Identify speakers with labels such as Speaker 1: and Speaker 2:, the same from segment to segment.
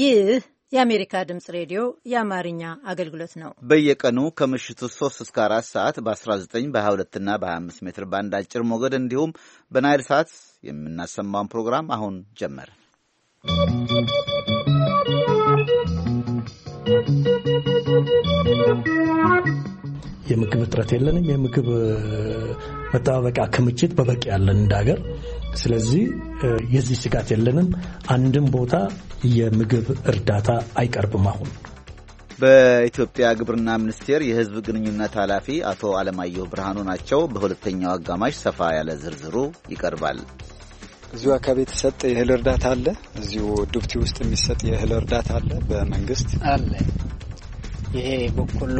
Speaker 1: ይህ የአሜሪካ ድምፅ ሬዲዮ የአማርኛ አገልግሎት ነው።
Speaker 2: በየቀኑ ከምሽቱ 3 እስከ 4 ሰዓት በ19 በ22 እና በ25 ሜትር ባንድ አጭር ሞገድ እንዲሁም በናይል ሰዓት የምናሰማውን ፕሮግራም አሁን ጀመር።
Speaker 3: የምግብ እጥረት የለንም። የምግብ መጠባበቂያ ክምችት በበቂ ያለን እንደ ሀገር ስለዚህ የዚህ ስጋት የለንም። አንድም ቦታ የምግብ እርዳታ አይቀርብም። አሁን
Speaker 2: በኢትዮጵያ ግብርና ሚኒስቴር የሕዝብ ግንኙነት ኃላፊ አቶ አለማየሁ ብርሃኑ ናቸው። በሁለተኛው አጋማሽ ሰፋ ያለ ዝርዝሩ ይቀርባል።
Speaker 4: እዚሁ አካባቢ የተሰጠ የእህል እርዳታ አለ። እዚሁ ዱብቲ ውስጥ የሚሰጥ የእህል እርዳታ አለ። በመንግስት አለ። ይሄ በቆሎ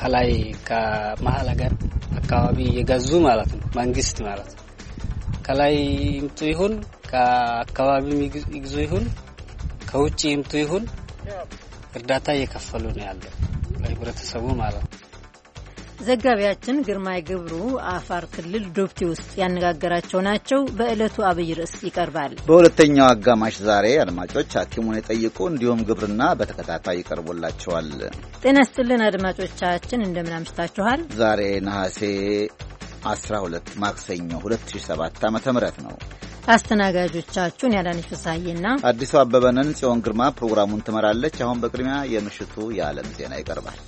Speaker 4: ከላይ
Speaker 5: ከመሀል ሀገር አካባቢ የገዙ ማለት ነው መንግስት ማለት ነው ከላይ ይምጡ ይሁን ከአካባቢ ይግዙ ይሁን ከውጭ ይምጡ ይሁን እርዳታ እየከፈሉ ነው ያለ ለህብረተሰቡ ማለት ነው።
Speaker 1: ዘጋቢያችን ግርማይ ግብሩ አፋር ክልል ዶብቲ ውስጥ ያነጋገራቸው ናቸው። በዕለቱ አብይ ርዕስ ይቀርባል።
Speaker 2: በሁለተኛው አጋማሽ ዛሬ አድማጮች ሐኪሙን የጠይቁ እንዲሁም ግብርና በተከታታይ ይቀርቦላቸዋል።
Speaker 1: ጤና ስጥልን አድማጮቻችን እንደምን አምሽታችኋል።
Speaker 2: ዛሬ ነሐሴ 12 ማክሰኞ 2007 ዓ ም ነው።
Speaker 1: አስተናጋጆቻችሁን ያዳነች ፍስሐዬና
Speaker 2: አዲሱ አበበንን ጽዮን ግርማ ፕሮግራሙን ትመራለች። አሁን በቅድሚያ የምሽቱ የዓለም ዜና ይቀርባል።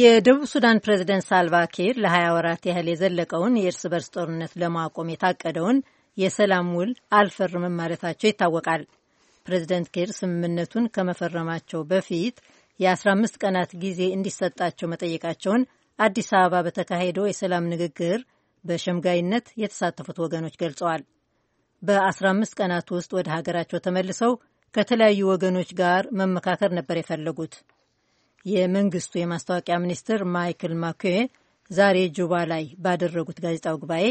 Speaker 1: የደቡብ ሱዳን ፕሬዝደንት ኪር ለ20 ወራት ያህል የዘለቀውን የእርስ በርስ ጦርነት ለማቆም የታቀደውን የሰላም ውል አልፈርምም ማለታቸው ይታወቃል። ፕሬዝደንት ኪር ስምምነቱን ከመፈረማቸው በፊት የ15 ቀናት ጊዜ እንዲሰጣቸው መጠየቃቸውን አዲስ አበባ በተካሄደው የሰላም ንግግር በሸምጋይነት የተሳተፉት ወገኖች ገልጸዋል። በ15 ቀናት ውስጥ ወደ ሀገራቸው ተመልሰው ከተለያዩ ወገኖች ጋር መመካከር ነበር የፈለጉት። የመንግስቱ የማስታወቂያ ሚኒስትር ማይክል ማኩዌ ዛሬ ጁባ ላይ ባደረጉት ጋዜጣው ጉባኤ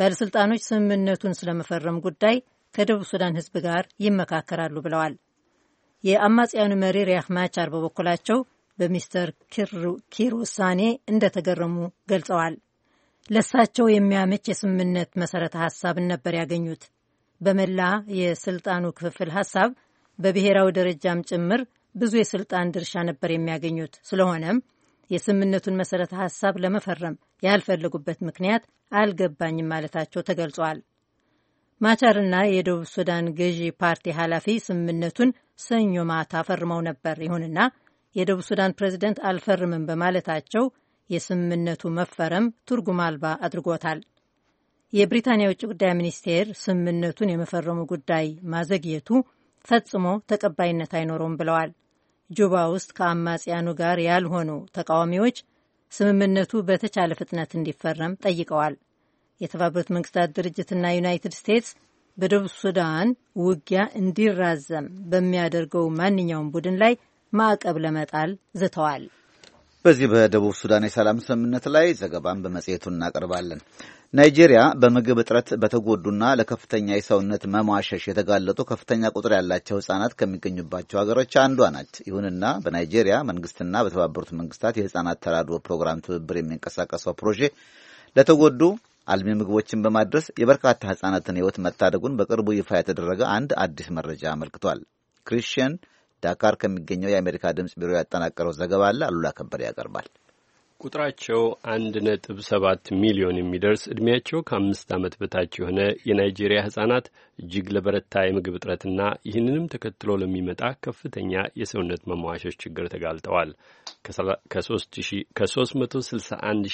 Speaker 1: ባለሥልጣኖች ስምምነቱን ስለመፈረም ጉዳይ ከደቡብ ሱዳን ሕዝብ ጋር ይመካከራሉ ብለዋል። የአማጽያኑ መሪ ሪያክ ማቻር በበኩላቸው በሚስተር ኪር ውሳኔ እንደተገረሙ ገልጸዋል። ለሳቸው የሚያመች የስምምነት መሰረተ ሐሳብን ነበር ያገኙት። በመላ የስልጣኑ ክፍፍል ሀሳብ በብሔራዊ ደረጃም ጭምር ብዙ የስልጣን ድርሻ ነበር የሚያገኙት። ስለሆነም የስምምነቱን መሰረተ ሀሳብ ለመፈረም ያልፈለጉበት ምክንያት አልገባኝም ማለታቸው ተገልጿል። ማቻርና የደቡብ ሱዳን ገዢ ፓርቲ ኃላፊ ስምምነቱን ሰኞ ማታ ፈርመው ነበር። ይሁንና የደቡብ ሱዳን ፕሬዚደንት አልፈርምም በማለታቸው የስምምነቱ መፈረም ትርጉም አልባ አድርጎታል። የብሪታንያ የውጭ ጉዳይ ሚኒስቴር ስምምነቱን የመፈረሙ ጉዳይ ማዘግየቱ ፈጽሞ ተቀባይነት አይኖረውም ብለዋል። ጁባ ውስጥ ከአማጽያኑ ጋር ያልሆኑ ተቃዋሚዎች ስምምነቱ በተቻለ ፍጥነት እንዲፈረም ጠይቀዋል። የተባበሩት መንግስታት ድርጅትና ዩናይትድ ስቴትስ በደቡብ ሱዳን ውጊያ እንዲራዘም በሚያደርገው ማንኛውም ቡድን ላይ ማዕቀብ ለመጣል ዝተዋል።
Speaker 2: በዚህ በደቡብ ሱዳን የሰላም ስምምነት ላይ ዘገባን በመጽሔቱ እናቀርባለን። ናይጄሪያ በምግብ እጥረት በተጎዱና ለከፍተኛ የሰውነት መሟሸሽ የተጋለጡ ከፍተኛ ቁጥር ያላቸው ሕጻናት ከሚገኙባቸው ሀገሮች አንዷ ናት። ይሁንና በናይጄሪያ መንግስትና በተባበሩት መንግስታት የሕጻናት ተራድኦ ፕሮግራም ትብብር የሚንቀሳቀሰው ፕሮጄ ለተጎዱ አልሚ ምግቦችን በማድረስ የበርካታ ሕጻናትን ሕይወት መታደጉን በቅርቡ ይፋ የተደረገ አንድ አዲስ መረጃ አመልክቷል። ክሪስቲያን ዳካር ከሚገኘው የአሜሪካ ድምፅ ቢሮ ያጠናቀረው ዘገባ አለ አሉላ ከበደ ያቀርባል።
Speaker 6: ቁጥራቸው አንድ ነጥብ ሰባት ሚሊዮን የሚደርስ ዕድሜያቸው ከአምስት ዓመት በታች የሆነ የናይጄሪያ ሕፃናት እጅግ ለበረታ የምግብ እጥረትና ይህንንም ተከትሎ ለሚመጣ ከፍተኛ የሰውነት መሟሸሽ ችግር ተጋልጠዋል። ከ361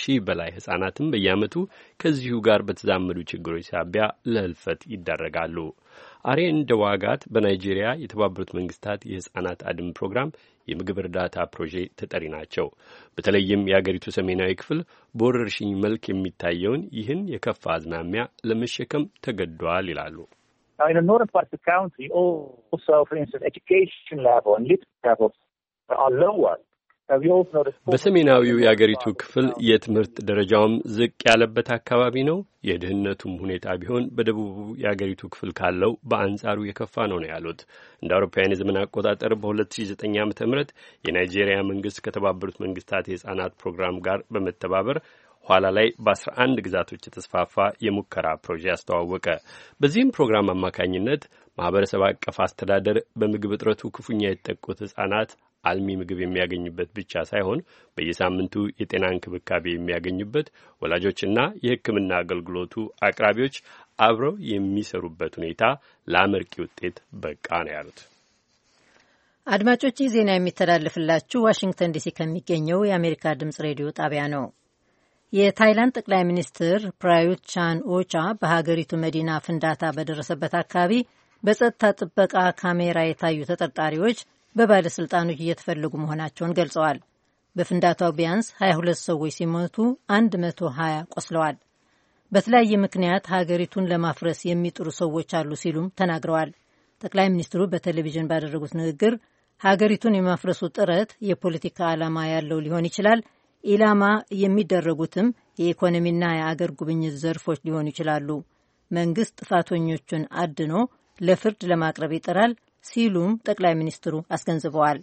Speaker 6: ሺህ በላይ ሕፃናትም በየዓመቱ ከዚሁ ጋር በተዛመዱ ችግሮች ሳቢያ ለህልፈት ይዳረጋሉ። ዋጋት በናይጄሪያ የተባበሩት መንግስታት የህጻናት አድም ፕሮግራም የምግብ እርዳታ ፕሮጄ ተጠሪ ናቸው። በተለይም የአገሪቱ ሰሜናዊ ክፍል በወረርሽኝ መልክ የሚታየውን ይህን የከፋ አዝማሚያ ለመሸከም ተገዷል ይላሉ። በሰሜናዊው የአገሪቱ ክፍል የትምህርት ደረጃውም ዝቅ ያለበት አካባቢ ነው። የድህነቱም ሁኔታ ቢሆን በደቡቡ የአገሪቱ ክፍል ካለው በአንጻሩ የከፋ ነው ነው ያሉት። እንደ አውሮፓውያን የዘመን አቆጣጠር በ2009 ዓ ም የናይጄሪያ መንግስት ከተባበሩት መንግስታት የህጻናት ፕሮግራም ጋር በመተባበር ኋላ ላይ በ11 ግዛቶች የተስፋፋ የሙከራ ፕሮጀክት አስተዋወቀ። በዚህም ፕሮግራም አማካኝነት ማህበረሰብ አቀፍ አስተዳደር በምግብ እጥረቱ ክፉኛ የተጠቁት ህጻናት አልሚ ምግብ የሚያገኙበት ብቻ ሳይሆን በየሳምንቱ የጤና እንክብካቤ የሚያገኙበት ወላጆችና የሕክምና አገልግሎቱ አቅራቢዎች አብረው የሚሰሩበት ሁኔታ ለአመርቂ ውጤት በቃ ነው ያሉት።
Speaker 1: አድማጮች ይህ ዜና የሚተላለፍላችሁ ዋሽንግተን ዲሲ ከሚገኘው የአሜሪካ ድምጽ ሬዲዮ ጣቢያ ነው። የታይላንድ ጠቅላይ ሚኒስትር ፕራዩት ቻን ኦቻ በሀገሪቱ መዲና ፍንዳታ በደረሰበት አካባቢ በጸጥታ ጥበቃ ካሜራ የታዩ ተጠርጣሪዎች በባለሥልጣኖች እየተፈለጉ መሆናቸውን ገልጸዋል። በፍንዳታው ቢያንስ 22 ሰዎች ሲሞቱ 120 ቆስለዋል። በተለያየ ምክንያት ሀገሪቱን ለማፍረስ የሚጥሩ ሰዎች አሉ ሲሉም ተናግረዋል። ጠቅላይ ሚኒስትሩ በቴሌቪዥን ባደረጉት ንግግር ሀገሪቱን የማፍረሱ ጥረት የፖለቲካ ዓላማ ያለው ሊሆን ይችላል፣ ኢላማ የሚደረጉትም የኢኮኖሚና የአገር ጉብኝት ዘርፎች ሊሆኑ ይችላሉ። መንግስት ጥፋተኞቹን አድኖ ለፍርድ ለማቅረብ ይጥራል፣ ሲሉም ጠቅላይ ሚኒስትሩ አስገንዝበዋል።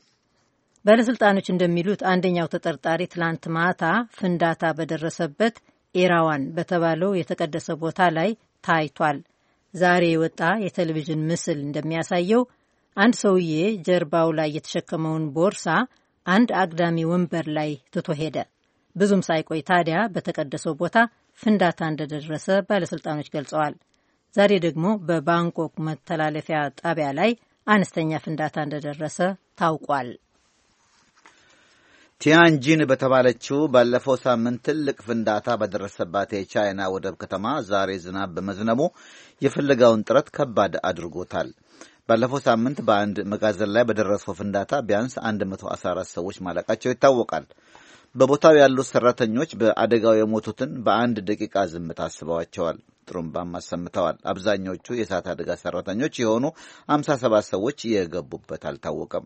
Speaker 1: ባለሥልጣኖች እንደሚሉት አንደኛው ተጠርጣሪ ትላንት ማታ ፍንዳታ በደረሰበት ኤራዋን በተባለው የተቀደሰ ቦታ ላይ ታይቷል። ዛሬ የወጣ የቴሌቪዥን ምስል እንደሚያሳየው አንድ ሰውዬ ጀርባው ላይ የተሸከመውን ቦርሳ አንድ አግዳሚ ወንበር ላይ ትቶ ሄደ። ብዙም ሳይቆይ ታዲያ በተቀደሰው ቦታ ፍንዳታ እንደደረሰ ባለሥልጣኖች ገልጸዋል። ዛሬ ደግሞ በባንኮክ መተላለፊያ ጣቢያ ላይ አነስተኛ ፍንዳታ እንደደረሰ ታውቋል።
Speaker 2: ቲያንጂን በተባለችው ባለፈው ሳምንት ትልቅ ፍንዳታ በደረሰባት የቻይና ወደብ ከተማ ዛሬ ዝናብ በመዝነቡ የፍለጋውን ጥረት ከባድ አድርጎታል። ባለፈው ሳምንት በአንድ መጋዘን ላይ በደረሰው ፍንዳታ ቢያንስ 114 ሰዎች ማለቃቸው ይታወቃል። በቦታው ያሉት ሰራተኞች በአደጋው የሞቱትን በአንድ ደቂቃ ዝምታ አስበዋቸዋል። ጥሩምባም አሰምተዋል። አብዛኞቹ የእሳት አደጋ ሰራተኞች የሆኑ 57 ሰዎች የገቡበት አልታወቀም።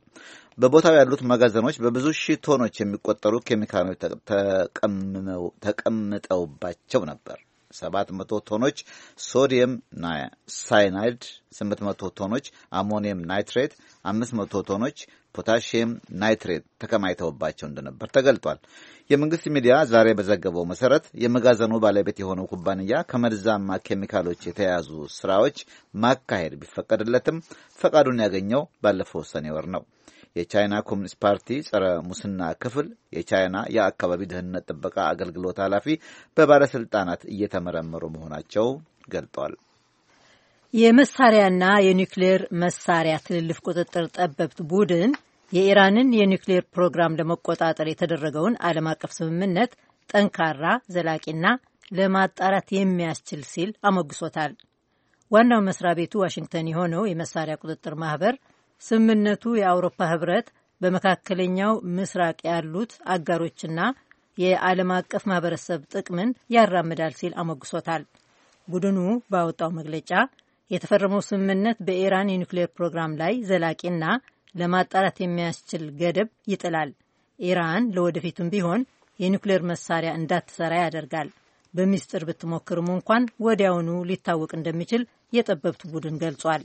Speaker 2: በቦታው ያሉት መጋዘኖች በብዙ ሺህ ቶኖች የሚቆጠሩ ኬሚካሎች ተቀምጠውባቸው ነበር። 700 ቶኖች ሶዲየም ሳይናይድ፣ 800 ቶኖች አሞኒየም ናይትሬት፣ 500 ቶኖች ፖታሽየም ናይትሬት ተከማይተውባቸው እንደነበር ተገልጧል። የመንግስት ሚዲያ ዛሬ በዘገበው መሰረት የመጋዘኑ ባለቤት የሆነው ኩባንያ ከመርዛማ ኬሚካሎች የተያዙ ስራዎች ማካሄድ ቢፈቀድለትም ፈቃዱን ያገኘው ባለፈው ሰኔ ወር ነው። የቻይና ኮሚኒስት ፓርቲ ጸረ ሙስና ክፍል የቻይና የአካባቢ ደህንነት ጥበቃ አገልግሎት ኃላፊ በባለስልጣናት እየተመረመሩ መሆናቸው ገልጧል።
Speaker 1: የመሳሪያና የኒውክሌር መሳሪያ ትልልፍ ቁጥጥር ጠበብት ቡድን የኢራንን የኒውክሌር ፕሮግራም ለመቆጣጠር የተደረገውን ዓለም አቀፍ ስምምነት ጠንካራ፣ ዘላቂና ለማጣራት የሚያስችል ሲል አሞግሶታል። ዋናው መስሪያ ቤቱ ዋሽንግተን የሆነው የመሳሪያ ቁጥጥር ማህበር ስምምነቱ የአውሮፓ ህብረት በመካከለኛው ምስራቅ ያሉት አጋሮችና የዓለም አቀፍ ማህበረሰብ ጥቅምን ያራምዳል ሲል አሞግሶታል። ቡድኑ ባወጣው መግለጫ የተፈረመው ስምምነት በኢራን የኒውክሌር ፕሮግራም ላይ ዘላቂና ለማጣራት የሚያስችል ገደብ ይጥላል። ኢራን ለወደፊቱም ቢሆን የኒውክሌር መሳሪያ እንዳትሰራ ያደርጋል። በሚስጥር ብትሞክርም እንኳን ወዲያውኑ ሊታወቅ እንደሚችል የጠበብቱ ቡድን ገልጿል።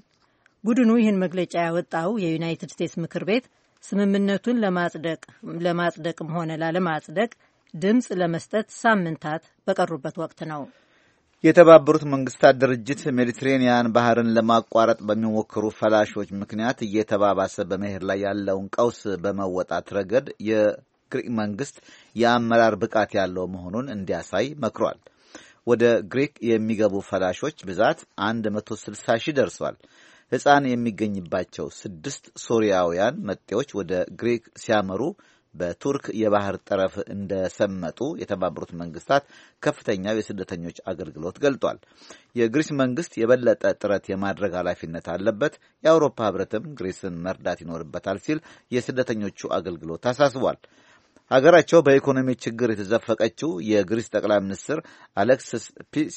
Speaker 1: ቡድኑ ይህን መግለጫ ያወጣው የዩናይትድ ስቴትስ ምክር ቤት ስምምነቱን ለማጽደቅም ሆነ ላለማጽደቅ ድምፅ ለመስጠት ሳምንታት በቀሩበት ወቅት ነው።
Speaker 2: የተባበሩት መንግስታት ድርጅት ሜዲትሬንያን ባህርን ለማቋረጥ በሚሞክሩ ፈላሾች ምክንያት እየተባባሰ በመሄድ ላይ ያለውን ቀውስ በመወጣት ረገድ የግሪክ መንግስት የአመራር ብቃት ያለው መሆኑን እንዲያሳይ መክሯል። ወደ ግሪክ የሚገቡ ፈላሾች ብዛት 160 ሺህ ደርሷል። ሕፃን የሚገኝባቸው ስድስት ሶሪያውያን መጤዎች ወደ ግሪክ ሲያመሩ በቱርክ የባህር ጠረፍ እንደሰመጡ የተባበሩት መንግስታት ከፍተኛው የስደተኞች አገልግሎት ገልጧል። የግሪስ መንግስት የበለጠ ጥረት የማድረግ ኃላፊነት አለበት፣ የአውሮፓ ህብረትም ግሪስን መርዳት ይኖርበታል ሲል የስደተኞቹ አገልግሎት አሳስቧል። ሀገራቸው በኢኮኖሚ ችግር የተዘፈቀችው የግሪስ ጠቅላይ ሚኒስትር አሌክሲስ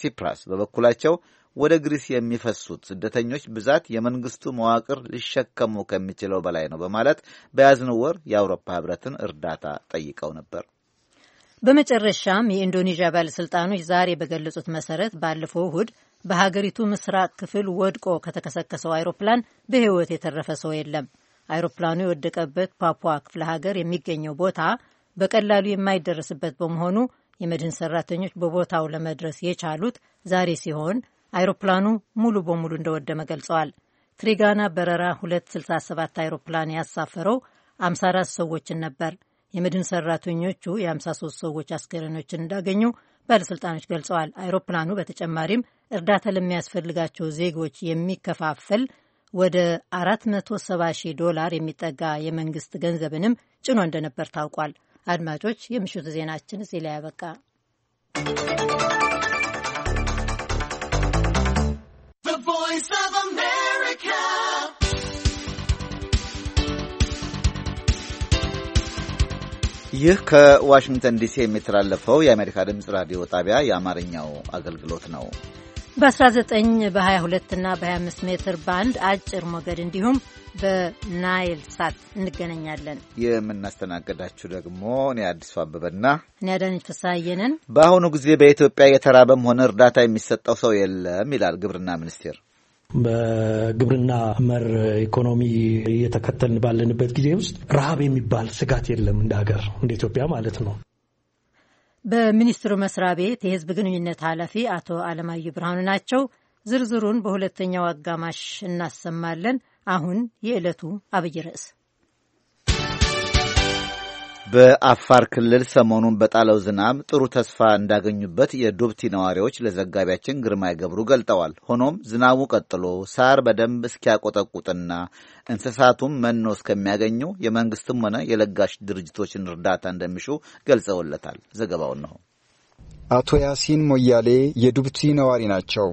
Speaker 2: ሲፕራስ በበኩላቸው ወደ ግሪስ የሚፈሱት ስደተኞች ብዛት የመንግስቱ መዋቅር ሊሸከሙ ከሚችለው በላይ ነው በማለት በያዝነው ወር የአውሮፓ ህብረትን እርዳታ ጠይቀው ነበር።
Speaker 1: በመጨረሻም የኢንዶኔዥያ ባለሥልጣኖች ዛሬ በገለጹት መሰረት ባለፈው እሁድ በሀገሪቱ ምስራቅ ክፍል ወድቆ ከተከሰከሰው አይሮፕላን በህይወት የተረፈ ሰው የለም። አይሮፕላኑ የወደቀበት ፓፑዋ ክፍለ ሀገር የሚገኘው ቦታ በቀላሉ የማይደረስበት በመሆኑ የመድህን ሰራተኞች በቦታው ለመድረስ የቻሉት ዛሬ ሲሆን አይሮፕላኑ ሙሉ በሙሉ እንደወደመ ገልጸዋል። ትሪጋና በረራ 267 አይሮፕላን ያሳፈረው 54 ሰዎችን ነበር። የምድን ሰራተኞቹ የ53 ሰዎች አስከሬኖችን እንዳገኙ ባለሥልጣኖች ገልጸዋል። አይሮፕላኑ በተጨማሪም እርዳታ ለሚያስፈልጋቸው ዜጎች የሚከፋፈል ወደ 470 ሺህ ዶላር የሚጠጋ የመንግስት ገንዘብንም ጭኖ እንደነበር ታውቋል። አድማጮች፣ የምሽቱ ዜናችን እዚህ ላይ ያበቃ።
Speaker 7: voice of America.
Speaker 2: ይህ ከዋሽንግተን ዲሲ የሚተላለፈው የአሜሪካ ድምፅ ራዲዮ ጣቢያ የአማርኛው አገልግሎት ነው።
Speaker 1: በ19 በ22 እና በ25 ሜትር ባንድ አጭር ሞገድ እንዲሁም በናይል ሳት እንገናኛለን።
Speaker 2: የምናስተናግዳችሁ ደግሞ እኔ አዲሱ አበበና
Speaker 1: እኔ አዳነች ፍስሐየንን።
Speaker 2: በአሁኑ ጊዜ በኢትዮጵያ የተራበም ሆነ እርዳታ የሚሰጠው ሰው የለም ይላል ግብርና ሚኒስቴር።
Speaker 3: በግብርና መር ኢኮኖሚ እየተከተልን ባለንበት ጊዜ ውስጥ ረሃብ የሚባል ስጋት የለም እንደ ሀገር እንደ ኢትዮጵያ ማለት ነው።
Speaker 1: በሚኒስትሩ መስሪያ ቤት የህዝብ ግንኙነት ኃላፊ አቶ አለማየሁ ብርሃኑ ናቸው። ዝርዝሩን በሁለተኛው አጋማሽ እናሰማለን። አሁን የዕለቱ አብይ ርዕስ
Speaker 2: በአፋር ክልል ሰሞኑን በጣለው ዝናብ ጥሩ ተስፋ እንዳገኙበት የዱብቲ ነዋሪዎች ለዘጋቢያችን ግርማይ ገብሩ ገልጠዋል። ሆኖም ዝናቡ ቀጥሎ ሳር በደንብ እስኪያቆጠቁጥና እንስሳቱም መኖ እስከሚያገኙ የመንግስትም ሆነ የለጋሽ ድርጅቶችን እርዳታ እንደሚሹ ገልጸውለታል። ዘገባውን ነው።
Speaker 4: አቶ ያሲን ሞያሌ የዱብቲ ነዋሪ ናቸው።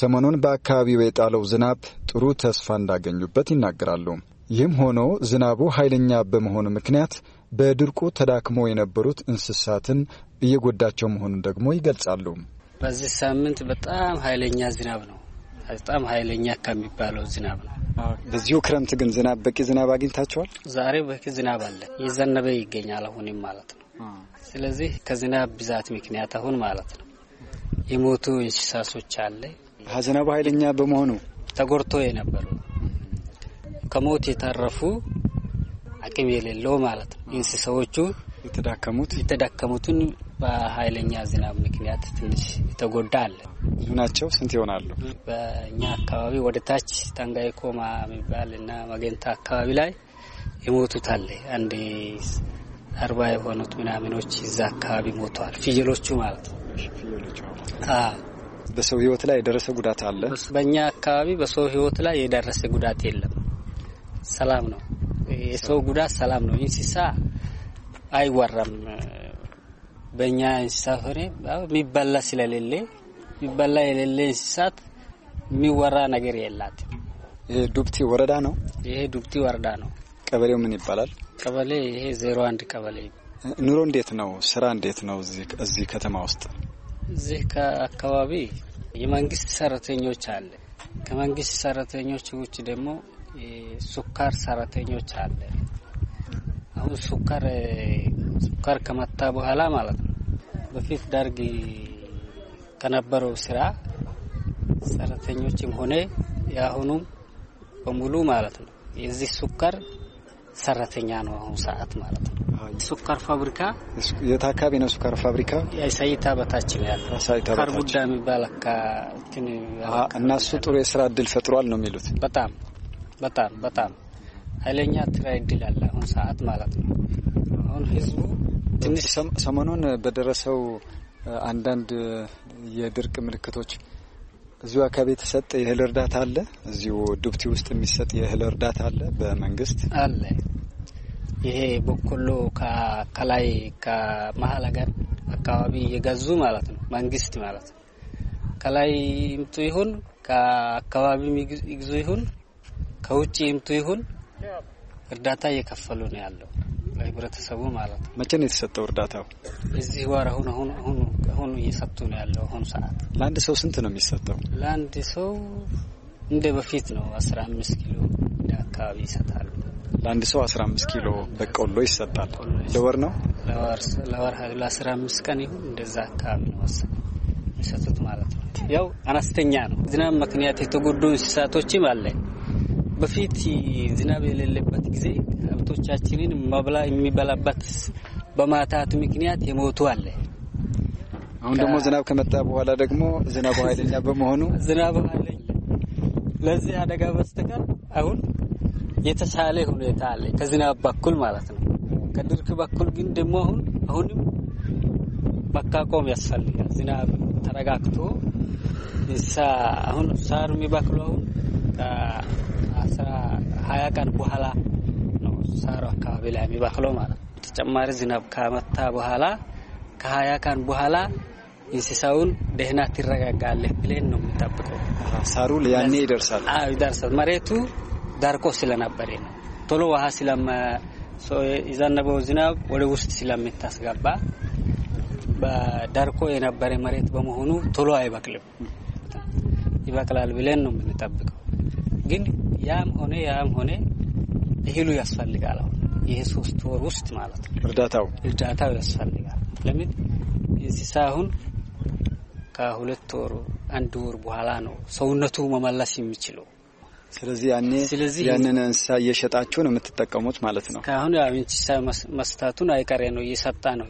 Speaker 4: ሰሞኑን በአካባቢው የጣለው ዝናብ ጥሩ ተስፋ እንዳገኙበት ይናገራሉ። ይህም ሆኖ ዝናቡ ኃይለኛ በመሆኑ ምክንያት በድርቁ ተዳክሞ የነበሩት እንስሳትን እየጎዳቸው መሆኑን ደግሞ ይገልጻሉ።
Speaker 5: በዚህ ሳምንት በጣም ኃይለኛ ዝናብ ነው። በጣም ኃይለኛ ከሚባለው
Speaker 4: ዝናብ ነው። በዚሁ ክረምት ግን ዝናብ በቂ ዝናብ አግኝታቸዋል።
Speaker 5: ዛሬ በቂ ዝናብ አለ፣ የዘነበ ይገኛል አሁንም ማለት ነው። ስለዚህ ከዝናብ ብዛት ምክንያት አሁን ማለት ነው የሞቱ እንስሳቶች አለ።
Speaker 4: ዝናቡ ኃይለኛ በመሆኑ
Speaker 5: ተጎድቶ የነበሩ ከሞት የተረፉ አቅም የሌለው ማለት ነው። እንስሳዎቹ የተዳከሙት የተዳከሙትን በኃይለኛ ዝናብ ምክንያት
Speaker 4: ትንሽ የተጎዳ አለ። ብዙ ናቸው። ስንት ይሆናሉ?
Speaker 5: በእኛ አካባቢ ወደ ታች ታንጋይ ኮማ የሚባል እና ማገንታ አካባቢ ላይ የሞቱት አለ። አንድ አርባ የሆኑት ምናምኖች እዛ አካባቢ ሞተዋል። ፍየሎቹ ማለት ነው።
Speaker 4: በሰው ህይወት ላይ የደረሰ ጉዳት አለ?
Speaker 5: በእኛ አካባቢ በሰው ህይወት ላይ የደረሰ ጉዳት የለም። ሰላም ነው። የሰው ጉዳት ሰላም ነው። እንስሳ አይወራም። በእኛ እንስሳ ፍሬ የሚበላ ስለሌለ የሚበላ የሌለ እንስሳት የሚወራ ነገር የላትም።
Speaker 4: ይሄ ዱብቲ ወረዳ ነው። ይሄ ዱብቲ ወረዳ ነው። ቀበሌው ምን ይባላል? ቀበሌ ይሄ ዜሮ አንድ ቀበሌ። ኑሮ እንዴት ነው? ስራ እንዴት ነው? እዚህ ከተማ ውስጥ
Speaker 5: እዚህ አካባቢ የመንግስት ሰራተኞች አለ። ከመንግስት ሰራተኞች ውጭ ደግሞ ሱካር ሰራተኞች አለ። አሁን ሱካር ሱካር ከመጣ በኋላ ማለት ነው በፊት ደርግ ከነበረው ስራ ሰራተኞችም ሆነ የአሁኑም በሙሉ ማለት ነው የዚህ ሱካር ሰራተኛ ነው አሁን ሰዓት ማለት ነው። ሱካር ፋብሪካ
Speaker 4: የት አካባቢ ነው? ሱካር ፋብሪካ
Speaker 5: ሳይታ በታች ነው ያለው። ካር የሚባል እና እሱ
Speaker 4: ጥሩ የስራ እድል ፈጥሯል ነው የሚሉት
Speaker 5: በጣም በጣም በጣም ኃይለኛ ትራይ እድል አለ አሁን ሰዓት ማለት ነው።
Speaker 4: አሁን ህዝቡ ትንሽ ሰሞኑን በደረሰው አንዳንድ የድርቅ ምልክቶች እዚሁ አካባቢ የተሰጠ የእህል እርዳታ አለ። እዚሁ ዱብቲ ውስጥ የሚሰጥ የእህል እርዳታ አለ በመንግስት አለ። ይሄ በቆሎ
Speaker 5: ከላይ ከመሀል ሀገር አካባቢ እየገዙ ማለት ነው መንግስት ማለት ነው ከላይ ምቱ ይሁን ከአካባቢ ይግዙ ይሁን ከውጭ ይምቱ ይሁን እርዳታ እየከፈሉ ነው ያለው ለህብረተሰቡ ማለት ነው።
Speaker 4: መቼ ነው የተሰጠው እርዳታው?
Speaker 5: እዚህ ወር አሁን አሁን አሁን አሁን እየሰጡ ነው ያለው አሁኑ ሰዓት።
Speaker 4: ለአንድ ሰው ስንት ነው የሚሰጠው?
Speaker 5: ለአንድ ሰው እንደ በፊት ነው አስራ
Speaker 4: አምስት ኪሎ እንደ አካባቢ ይሰጣሉ። ለአንድ ሰው አስራ አምስት ኪሎ በቆሎ ይሰጣል። ለወር ነው
Speaker 5: ለወር ለአስራ አምስት ቀን ይሁን እንደዛ አካባቢ ነው ወሰነ የሚሰጡት ማለት ነው። ያው አነስተኛ ነው። ዝናብ ምክንያት የተጎዱ እንስሳቶችም አለ በፊት ዝናብ የሌለበት ጊዜ ከብቶቻችንን መብላ የሚበላበት በማታት ምክንያት የሞቱ አለ።
Speaker 4: አሁን ደግሞ ዝናብ ከመጣ በኋላ ደግሞ ዝናቡ ኃይለኛ በመሆኑ
Speaker 5: ዝናቡ ኃይለኛ ለዚህ አደጋ በስተቀር አሁን የተሻለ ሁኔታ አለ፣ ከዝናብ በኩል ማለት ነው። ከድርቅ በኩል ግን ደግሞ አሁን አሁንም መቃቆም ያስፈልጋል። ዝናብ ተረጋግቶ አሁን ሳር የሚበክሉ አሁን ከአስራ ቀን በኋላ ነው ሳሩ አካባቢ ላይ የሚበቅለው ማለት ነው። ተጨማሪ ዝናብ ከመታ በኋላ ከሀያ ቀን በኋላ እንስሳውን ደህና ይረጋጋል ብለን ነው የምንጠብቀው። ሳሩ ያኔ ይደርሳል ይደርሳል። መሬቱ ዳርቆ ስለነበረ ነው ቶሎ ውሃ የዘነበው ዝናብ ወደ ውስጥ ስለምታስገባ በዳርቆ የነበረ መሬት በመሆኑ ቶሎ አይበቅልም። ይበቅላል ብለን ነው የምንጠብቀው። ግን ያም ሆነ ያም ሆነ እህሉ ያስፈልጋል። አሁን ይሄ ሶስት ወር ውስጥ ማለት ነው እርዳታው እርዳታው ያስፈልጋል። ለምን እንስሳ አሁን ከሁለት ወር አንድ ወር በኋላ ነው ሰውነቱ መመለስ የሚችለው።
Speaker 4: ስለዚህ ያኔ ያንን እንስሳ እየሸጣችሁ ነው የምትጠቀሙት ማለት ነው።
Speaker 5: ከአሁን እንስሳ መስታቱን አይቀሬ ነው እየሰጣ ነው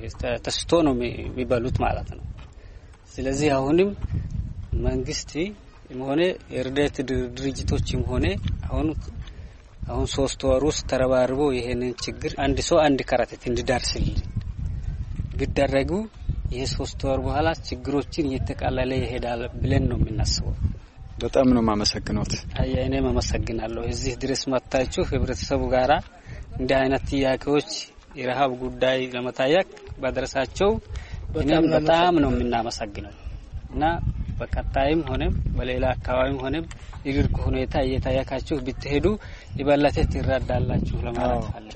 Speaker 5: ተስቶ ነው የሚበሉት ማለት ነው። ስለዚህ አሁንም መንግስት ሆነ የእርዳታ ድርጅቶችም ሆነ አሁን አሁን ሶስት ወር ውስጥ ተረባርቦ ይሄንን ችግር አንድ ሰው አንድ ከረጢት እንዲዳርስልን ቢደረጉ ይሄ ሶስት ወር በኋላ ችግሮችን እየተቃለለ ይሄዳል ብለን ነው የምናስበው።
Speaker 4: በጣም ነው የማመሰግነው።
Speaker 5: እኔም አመሰግናለሁ። እዚህ ድረስ መጥታችሁ ህብረተሰቡ ጋራ እንዲህ አይነት ጥያቄዎች የረሃብ ጉዳይ ለመታየቅ በደረሳቸው በጣም ነው የምናመሰግነው እና በቀጣይም ሆነ በሌላ አካባቢም ሆነ እግር ሁኔታ እየታያካችሁ ብትሄዱ ይበለቴት ይረዳላችሁ ለማለት አለ።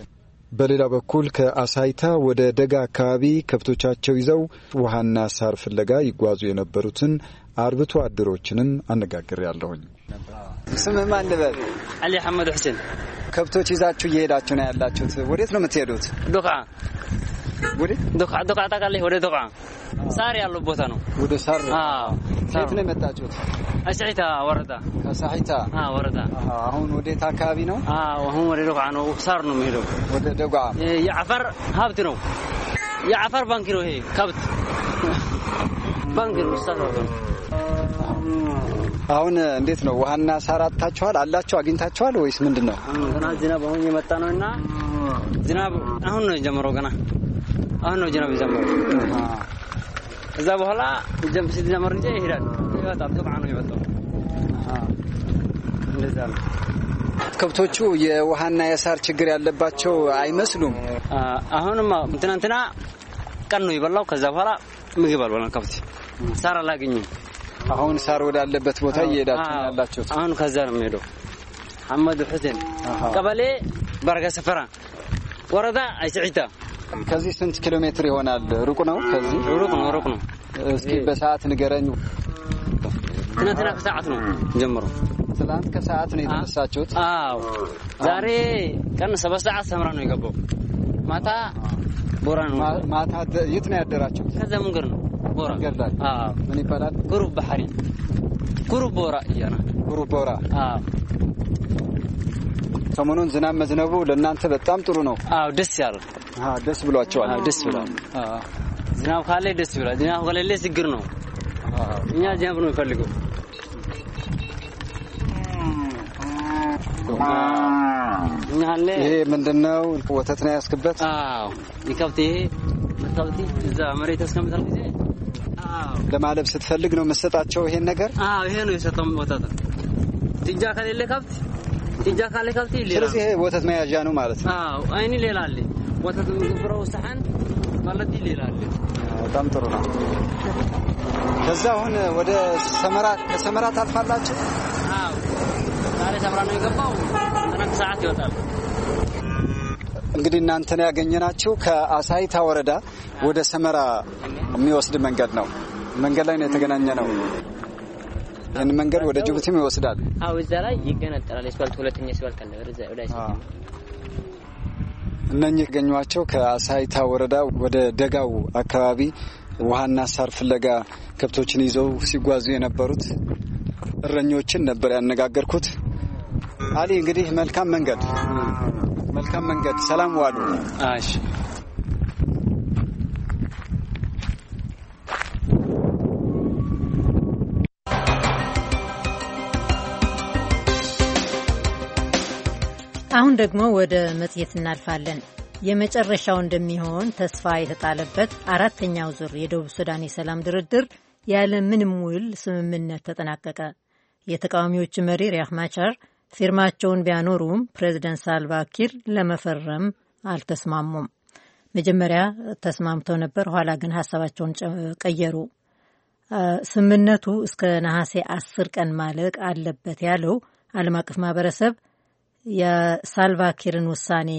Speaker 4: በሌላ በኩል ከአሳይታ ወደ ደጋ አካባቢ ከብቶቻቸው ይዘው ውሃና ሳር ፍለጋ ይጓዙ የነበሩትን አርብቶ አደሮችንም አነጋግሬ ያለሁኝ። ስምህ ማን ልበል?
Speaker 8: አሊ አሐመድ ሁሴን።
Speaker 4: ከብቶች ይዛችሁ እየሄዳችሁ ነው ያላችሁት። ወዴት ነው የምትሄዱት?
Speaker 8: ዱካ ዶቃ ታውቃለህ? ወደ ዶቃ ሳር ያለው ቦታ ነው። ወደ ሳር አዎ። ሳር ነው የመጣችሁት? ሳሒታ ወረዳ። ከሳሒታ አዎ፣ ወረዳ። አሁን ወዴት አካባቢ ነው? አዎ፣ አሁን ወደ ዶቃ ነው። ሳር ነው የሚሄደው። ወደ ዶቃ የአፈር ሀብት ነው። የአፈር ባንክ ነው ይሄ። ከብት ባንክ ነው። ሳር ነው
Speaker 4: አሁን እንዴት ነው? ውሃና ሳር አጥታችኋል? አላችሁ?
Speaker 8: አግኝታችኋል ወይስ ምንድን ነው? ዝናብ አሁን የመጣ ነው እና ዝናብ አሁን ነው የጀመረው ገና አሁን ነው ጀናብ የጀመረው። እዛ በኋላ ጀምፕ ሲጀመር እንጂ ይሄዳል ይወጣል። ጥብዓ ነው የወጣው። እንደዛ ነው።
Speaker 4: ከብቶቹ የውሃና የሳር ችግር ያለባቸው አይመስሉም።
Speaker 8: አሁንማ ትናንትና ቀን ነው ይበላው። ከዛ በኋላ ምግብ አልበላም። ከብት ሳር አላገኘም። አሁን ሳር ወዳለበት ቦታ እየሄዳችሁ ያላችሁት? አሁን ከዛ ነው የሚሄደው። አህመድ ሁሴን ቀበሌ በረጋ ሰፈራ ወረዳ አይስዒታ ከዚህ ስንት ኪሎ ሜትር ይሆናል? ሩቅ ነው። ከዚህ ሩቅ ነው፣ ሩቅ ነው። እስኪ
Speaker 4: በሰዓት ንገረኝ። ትናንትና
Speaker 8: ከሰዓት ነው ጀምሮ ትላንት ከሰዓት ነው የተነሳችሁት? አዎ። ዛሬ ቀን ሰባት ሰዓት ሰምራ ነው የገባው። ማታ ቦራ ነው። ማታ የት ነው ያደራችሁት? ከዛ መንገድ ነው ቦራ ገላል። አዎ። ምን ይባላል? ጉሩብ ባህሪ ጉሩብ ቦራ እያና ጉሩብ ቦራ። አዎ
Speaker 4: ሰሞኑን ዝናብ መዝነቡ ለእናንተ በጣም ጥሩ ነው። አዎ ደስ ያለ ደስ ብሏቸዋል። ደስ ብሏል።
Speaker 8: ዝናብ ካለ ደስ ብሏል። ዝናብ ከሌለ ችግር ነው። እኛ ዝናብ ነው የሚፈልገው። ይሄ ምንድን ነው? ወተት ነው ያስክበት? አዎ ይከብት ይሄ እዛ መሬት ያስቀምጣል ጊዜ
Speaker 4: ለማለብ ስትፈልግ ነው የምትሰጣቸው ይሄን ነገር?
Speaker 8: አዎ ይሄ ነው የሰጠው ወተት ትንጃ ከሌለ ከብት ቲጃ ካለ ይል ስለዚህ ይሄ ወተት መያዣ ነው ማለት ነው። አዎ አይኒ ሌላ አለ ወተት ማለት ሌላ አለ። በጣም ጥሩ ነው።
Speaker 4: ከዛ አሁን ወደ ሰመራ ከሰመራ ታልፋላችሁ። አዎ
Speaker 8: ዛሬ ሰመራ ነው የገባው። ሰዓት ይወጣል።
Speaker 4: እንግዲህ እናንተን ያገኘናችሁ ከአሳይታ ወረዳ ወደ ሰመራ የሚወስድ መንገድ ነው። መንገድ ላይ ነው የተገናኘ ነው። ይህን መንገድ ወደ ጅቡቲም ይወስዳል።
Speaker 8: አዎ እዛ ላይ ይገነጠላል። ስፓልት ሁለተኛ ስፓልት አለ ወደ
Speaker 4: እነኚህ ያገኟቸው ከአሳይታ ወረዳ ወደ ደጋው አካባቢ ውሃና ሳር ፍለጋ ከብቶችን ይዘው ሲጓዙ የነበሩት እረኞችን ነበር ያነጋገርኩት። አሊ እንግዲህ መልካም መንገድ መልካም መንገድ። ሰላም ዋሉ።
Speaker 5: እሺ
Speaker 1: አሁን ደግሞ ወደ መጽሔት እናልፋለን። የመጨረሻው እንደሚሆን ተስፋ የተጣለበት አራተኛው ዙር የደቡብ ሱዳን የሰላም ድርድር ያለ ምንም ውል ስምምነት ተጠናቀቀ። የተቃዋሚዎች መሪ ሪያክ ማቻር ፊርማቸውን ቢያኖሩም ፕሬዚደንት ሳልቫኪር ለመፈረም አልተስማሙም። መጀመሪያ ተስማምተው ነበር፣ ኋላ ግን ሀሳባቸውን ቀየሩ። ስምምነቱ እስከ ነሐሴ አስር ቀን ማለቅ አለበት ያለው ዓለም አቀፍ ማህበረሰብ የሳልቫኪርን ውሳኔ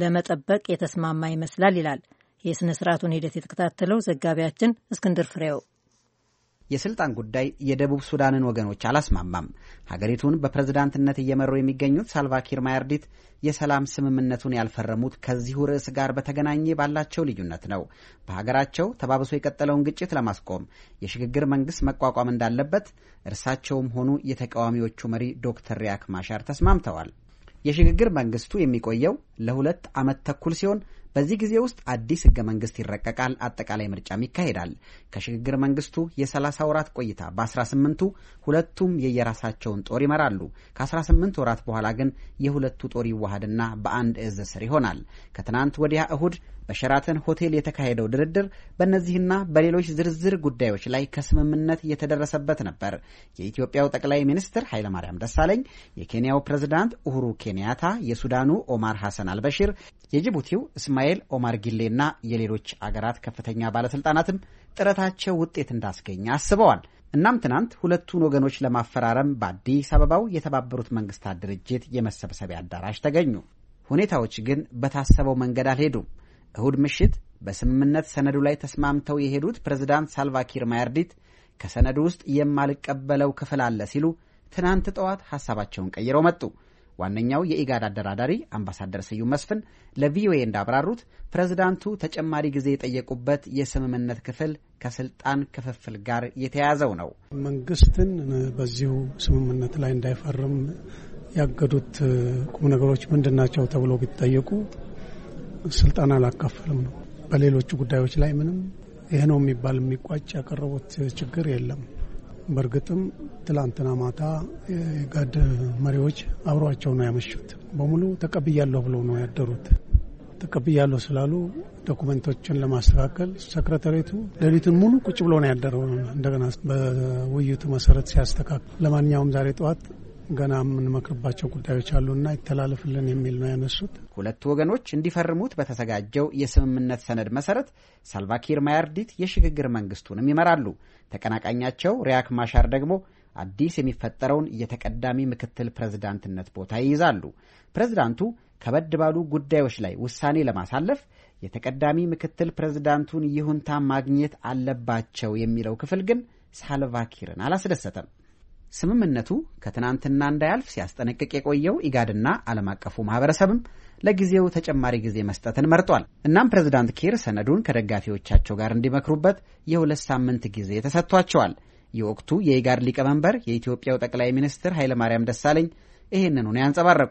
Speaker 1: ለመጠበቅ የተስማማ ይመስላል ይላል። የሥነ ስርዓቱን ሂደት የተከታተለው ዘጋቢያችን እስክንድር ፍሬው
Speaker 9: የስልጣን ጉዳይ የደቡብ ሱዳንን ወገኖች አላስማማም። ሀገሪቱን በፕሬዝዳንትነት እየመሩ የሚገኙት ሳልቫኪር ማያርዲት የሰላም ስምምነቱን ያልፈረሙት ከዚሁ ርዕስ ጋር በተገናኘ ባላቸው ልዩነት ነው። በሀገራቸው ተባብሶ የቀጠለውን ግጭት ለማስቆም የሽግግር መንግስት መቋቋም እንዳለበት እርሳቸውም ሆኑ የተቃዋሚዎቹ መሪ ዶክተር ሪያክ ማሻር ተስማምተዋል። የሽግግር መንግስቱ የሚቆየው ለሁለት ዓመት ተኩል ሲሆን በዚህ ጊዜ ውስጥ አዲስ ህገ መንግስት ይረቀቃል፣ አጠቃላይ ምርጫም ይካሄዳል። ከሽግግር መንግስቱ የ30 ወራት ቆይታ በ18ቱ ሁለቱም የየራሳቸውን ጦር ይመራሉ። ከ18 ወራት በኋላ ግን የሁለቱ ጦር ይዋሃድና በአንድ እዝ ስር ይሆናል። ከትናንት ወዲያ እሁድ በሸራተን ሆቴል የተካሄደው ድርድር በእነዚህና በሌሎች ዝርዝር ጉዳዮች ላይ ከስምምነት እየተደረሰበት ነበር። የኢትዮጵያው ጠቅላይ ሚኒስትር ኃይለማርያም ደሳለኝ፣ የኬንያው ፕሬዝዳንት ኡሁሩ ኬንያታ፣ የሱዳኑ ኦማር ሐሰን አልበሺር፣ የጅቡቲው እስማኤል ኦማር ጊሌና የሌሎች አገራት ከፍተኛ ባለስልጣናትም ጥረታቸው ውጤት እንዳስገኘ አስበዋል። እናም ትናንት ሁለቱን ወገኖች ለማፈራረም በአዲስ አበባው የተባበሩት መንግስታት ድርጅት የመሰብሰቢያ አዳራሽ ተገኙ። ሁኔታዎች ግን በታሰበው መንገድ አልሄዱም። እሁድ ምሽት በስምምነት ሰነዱ ላይ ተስማምተው የሄዱት ፕሬዝዳንት ሳልቫኪር ማያርዲት ከሰነዱ ውስጥ የማልቀበለው ክፍል አለ ሲሉ ትናንት ጠዋት ሀሳባቸውን ቀይረው መጡ። ዋነኛው የኢጋድ አደራዳሪ አምባሳደር ስዩም መስፍን ለቪኦኤ እንዳብራሩት ፕሬዝዳንቱ ተጨማሪ ጊዜ የጠየቁበት የስምምነት ክፍል ከስልጣን ክፍፍል ጋር የተያያዘው ነው።
Speaker 10: መንግስትን በዚሁ ስምምነት ላይ እንዳይፈርም ያገዱት ቁም ነገሮች ምንድን ናቸው ተብሎ ቢጠየቁ ስልጠና አላካፈልም ነው። በሌሎቹ ጉዳዮች ላይ ምንም ይህ ነው የሚባል የሚቋጭ ያቀረቡት ችግር የለም። በእርግጥም ትላንትና ማታ የጋድ መሪዎች አብሯቸው ነው ያመሹት። በሙሉ ተቀብያለሁ ብለው ነው ያደሩት። ተቀብያለሁ ስላሉ ዶኩመንቶችን ለማስተካከል ሰክረታሪቱ ሌሊቱን ሙሉ ቁጭ ብሎ ነው ያደረው። እንደገና በውይይቱ መሰረት ሲያስተካክል፣ ለማንኛውም ዛሬ ጠዋት ገና የምንመክርባቸው ጉዳዮች አሉና ይተላለፍልን የሚል ነው ያነሱት።
Speaker 9: ሁለቱ ወገኖች እንዲፈርሙት በተዘጋጀው የስምምነት ሰነድ መሰረት ሳልቫኪር ማያርዲት የሽግግር መንግስቱንም ይመራሉ። ተቀናቃኛቸው ሪያክ ማሻር ደግሞ አዲስ የሚፈጠረውን የተቀዳሚ ምክትል ፕሬዝዳንትነት ቦታ ይይዛሉ። ፕሬዝዳንቱ ከበድ ባሉ ጉዳዮች ላይ ውሳኔ ለማሳለፍ የተቀዳሚ ምክትል ፕሬዝዳንቱን ይሁንታ ማግኘት አለባቸው የሚለው ክፍል ግን ሳልቫኪርን አላስደሰተም። ስምምነቱ ከትናንትና እንዳያልፍ ሲያስጠነቅቅ የቆየው ኢጋድና ዓለም አቀፉ ማህበረሰብም ለጊዜው ተጨማሪ ጊዜ መስጠትን መርጧል። እናም ፕሬዝዳንት ኪር ሰነዱን ከደጋፊዎቻቸው ጋር እንዲመክሩበት የሁለት ሳምንት ጊዜ ተሰጥቷቸዋል። የወቅቱ የኢጋድ ሊቀመንበር የኢትዮጵያው ጠቅላይ ሚኒስትር ኃይለማርያም ደሳለኝ ይህንኑ ነው
Speaker 11: ያንጸባረቁ።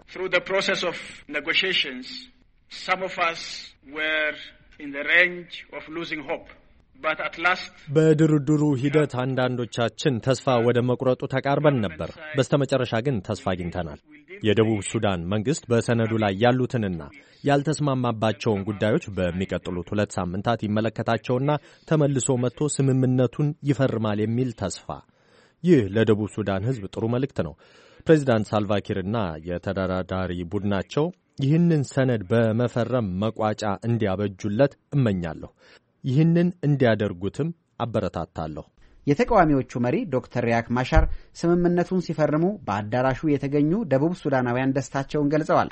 Speaker 11: በድርድሩ ሂደት አንዳንዶቻችን ተስፋ ወደ መቁረጡ ተቃርበን ነበር። በስተመጨረሻ ግን ተስፋ አግኝተናል። የደቡብ ሱዳን መንግሥት በሰነዱ ላይ ያሉትንና ያልተስማማባቸውን ጉዳዮች በሚቀጥሉት ሁለት ሳምንታት ይመለከታቸውና ተመልሶ መጥቶ ስምምነቱን ይፈርማል የሚል ተስፋ። ይህ ለደቡብ ሱዳን ሕዝብ ጥሩ መልእክት ነው። ፕሬዚዳንት ሳልቫኪርና የተደራዳሪ ቡድናቸው ይህንን ሰነድ በመፈረም መቋጫ እንዲያበጁለት እመኛለሁ። ይህንን እንዲያደርጉትም አበረታታለሁ። የተቃዋሚዎቹ
Speaker 9: መሪ ዶክተር ሪያክ ማሻር ስምምነቱን ሲፈርሙ በአዳራሹ የተገኙ ደቡብ ሱዳናውያን ደስታቸውን ገልጸዋል።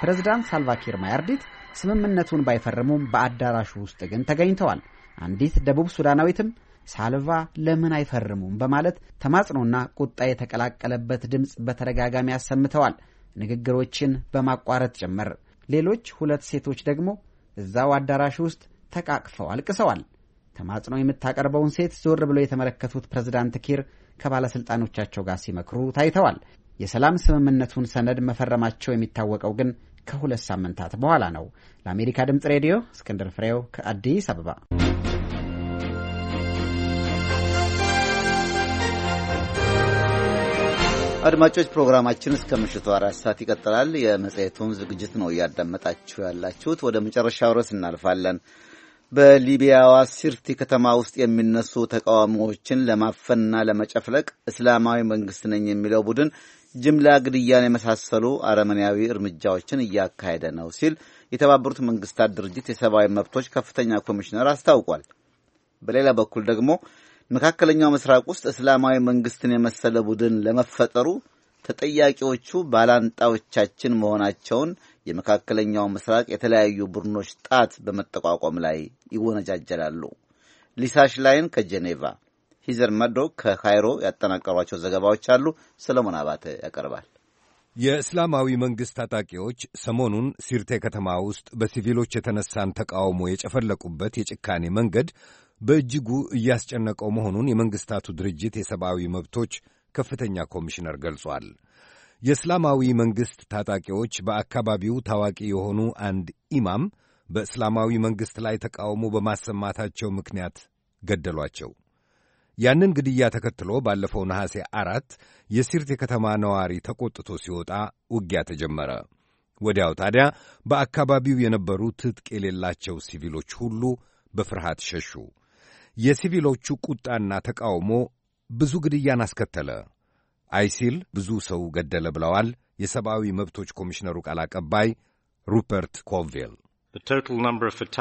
Speaker 9: ፕሬዝዳንት ሳልቫኪር ማያርዲት ስምምነቱን ባይፈርሙም በአዳራሹ ውስጥ ግን ተገኝተዋል። አንዲት ደቡብ ሱዳናዊትም ሳልቫ ለምን አይፈርሙም በማለት ተማጽኖና ቁጣ የተቀላቀለበት ድምፅ በተደጋጋሚ አሰምተዋል፣ ንግግሮችን በማቋረጥ ጭምር። ሌሎች ሁለት ሴቶች ደግሞ እዛው አዳራሽ ውስጥ ተቃቅፈው አልቅሰዋል። ተማጽኖ የምታቀርበውን ሴት ዞር ብለው የተመለከቱት ፕሬዝዳንት ኪር ከባለሥልጣኖቻቸው ጋር ሲመክሩ ታይተዋል። የሰላም ስምምነቱን ሰነድ መፈረማቸው የሚታወቀው ግን ከሁለት ሳምንታት በኋላ ነው። ለአሜሪካ ድምፅ ሬዲዮ እስክንድር ፍሬው ከአዲስ አበባ
Speaker 2: አድማጮች ፕሮግራማችን እስከ ምሽቱ አራት ሰዓት ይቀጥላል። የመጽሔቱን ዝግጅት ነው እያዳመጣችሁ ያላችሁት። ወደ መጨረሻው ርዕስ እናልፋለን። በሊቢያዋ ሲርቲ ከተማ ውስጥ የሚነሱ ተቃዋሚዎችን ለማፈንና ለመጨፍለቅ እስላማዊ መንግስት ነኝ የሚለው ቡድን ጅምላ ግድያን የመሳሰሉ አረመኔያዊ እርምጃዎችን እያካሄደ ነው ሲል የተባበሩት መንግስታት ድርጅት የሰብአዊ መብቶች ከፍተኛ ኮሚሽነር አስታውቋል። በሌላ በኩል ደግሞ መካከለኛው ምስራቅ ውስጥ እስላማዊ መንግስትን የመሰለ ቡድን ለመፈጠሩ ተጠያቂዎቹ ባላንጣዎቻችን መሆናቸውን የመካከለኛው ምስራቅ የተለያዩ ቡድኖች ጣት በመጠቋቋም ላይ ይወነጃጀላሉ። ሊሳሽ ላይን ከጄኔቫ ሂዘር መዶ ከካይሮ ያጠናቀሯቸው ዘገባዎች አሉ። ሰለሞን አባተ ያቀርባል።
Speaker 12: የእስላማዊ መንግሥት ታጣቂዎች ሰሞኑን ሲርቴ ከተማ ውስጥ በሲቪሎች የተነሳን ተቃውሞ የጨፈለቁበት የጭካኔ መንገድ በእጅጉ እያስጨነቀው መሆኑን የመንግሥታቱ ድርጅት የሰብአዊ መብቶች ከፍተኛ ኮሚሽነር ገልጿል። የእስላማዊ መንግሥት ታጣቂዎች በአካባቢው ታዋቂ የሆኑ አንድ ኢማም በእስላማዊ መንግሥት ላይ ተቃውሞ በማሰማታቸው ምክንያት ገደሏቸው። ያንን ግድያ ተከትሎ ባለፈው ነሐሴ አራት የሲርት የከተማ ነዋሪ ተቆጥቶ ሲወጣ ውጊያ ተጀመረ። ወዲያው ታዲያ በአካባቢው የነበሩ ትጥቅ የሌላቸው ሲቪሎች ሁሉ በፍርሃት ሸሹ። የሲቪሎቹ ቁጣና ተቃውሞ ብዙ ግድያን አስከተለ። አይሲል ብዙ ሰው ገደለ ብለዋል የሰብአዊ መብቶች ኮሚሽነሩ ቃል አቀባይ ሩፐርት ኮንቬል።
Speaker 11: uh,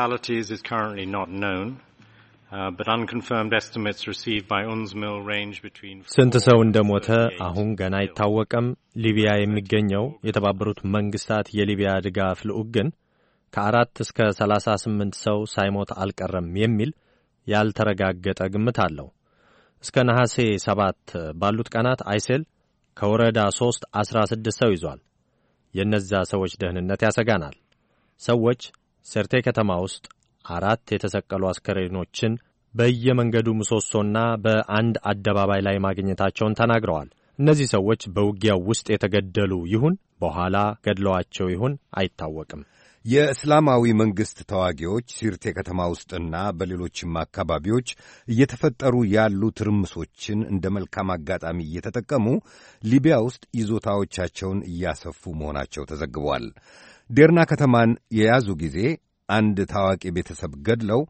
Speaker 11: ስንት ሰው እንደሞተ አሁን ገና አይታወቀም። ሊቢያ የሚገኘው የተባበሩት መንግስታት የሊቢያ ድጋፍ ልዑክ ግን ከአራት እስከ ሰላሳ ስምንት ሰው ሳይሞት አልቀረም የሚል ያልተረጋገጠ ግምት አለው። እስከ ነሐሴ ሰባት ባሉት ቀናት አይሴል ከወረዳ ሦስት ዐሥራ ስድስት ሰው ይዟል። የእነዚያ ሰዎች ደህንነት ያሰጋናል። ሰዎች ሰርቴ ከተማ ውስጥ አራት የተሰቀሉ አስከሬኖችን በየመንገዱ ምሰሶና በአንድ አደባባይ ላይ ማግኘታቸውን ተናግረዋል። እነዚህ ሰዎች
Speaker 12: በውጊያው ውስጥ የተገደሉ ይሁን በኋላ ገድለዋቸው ይሁን አይታወቅም። የእስላማዊ መንግሥት ተዋጊዎች ሲርቴ ከተማ ውስጥና በሌሎችም አካባቢዎች እየተፈጠሩ ያሉ ትርምሶችን እንደ መልካም አጋጣሚ እየተጠቀሙ ሊቢያ ውስጥ ይዞታዎቻቸውን እያሰፉ መሆናቸው ተዘግቧል። ዴርና ከተማን የያዙ ጊዜ አንድ ታዋቂ ቤተሰብ ገድለው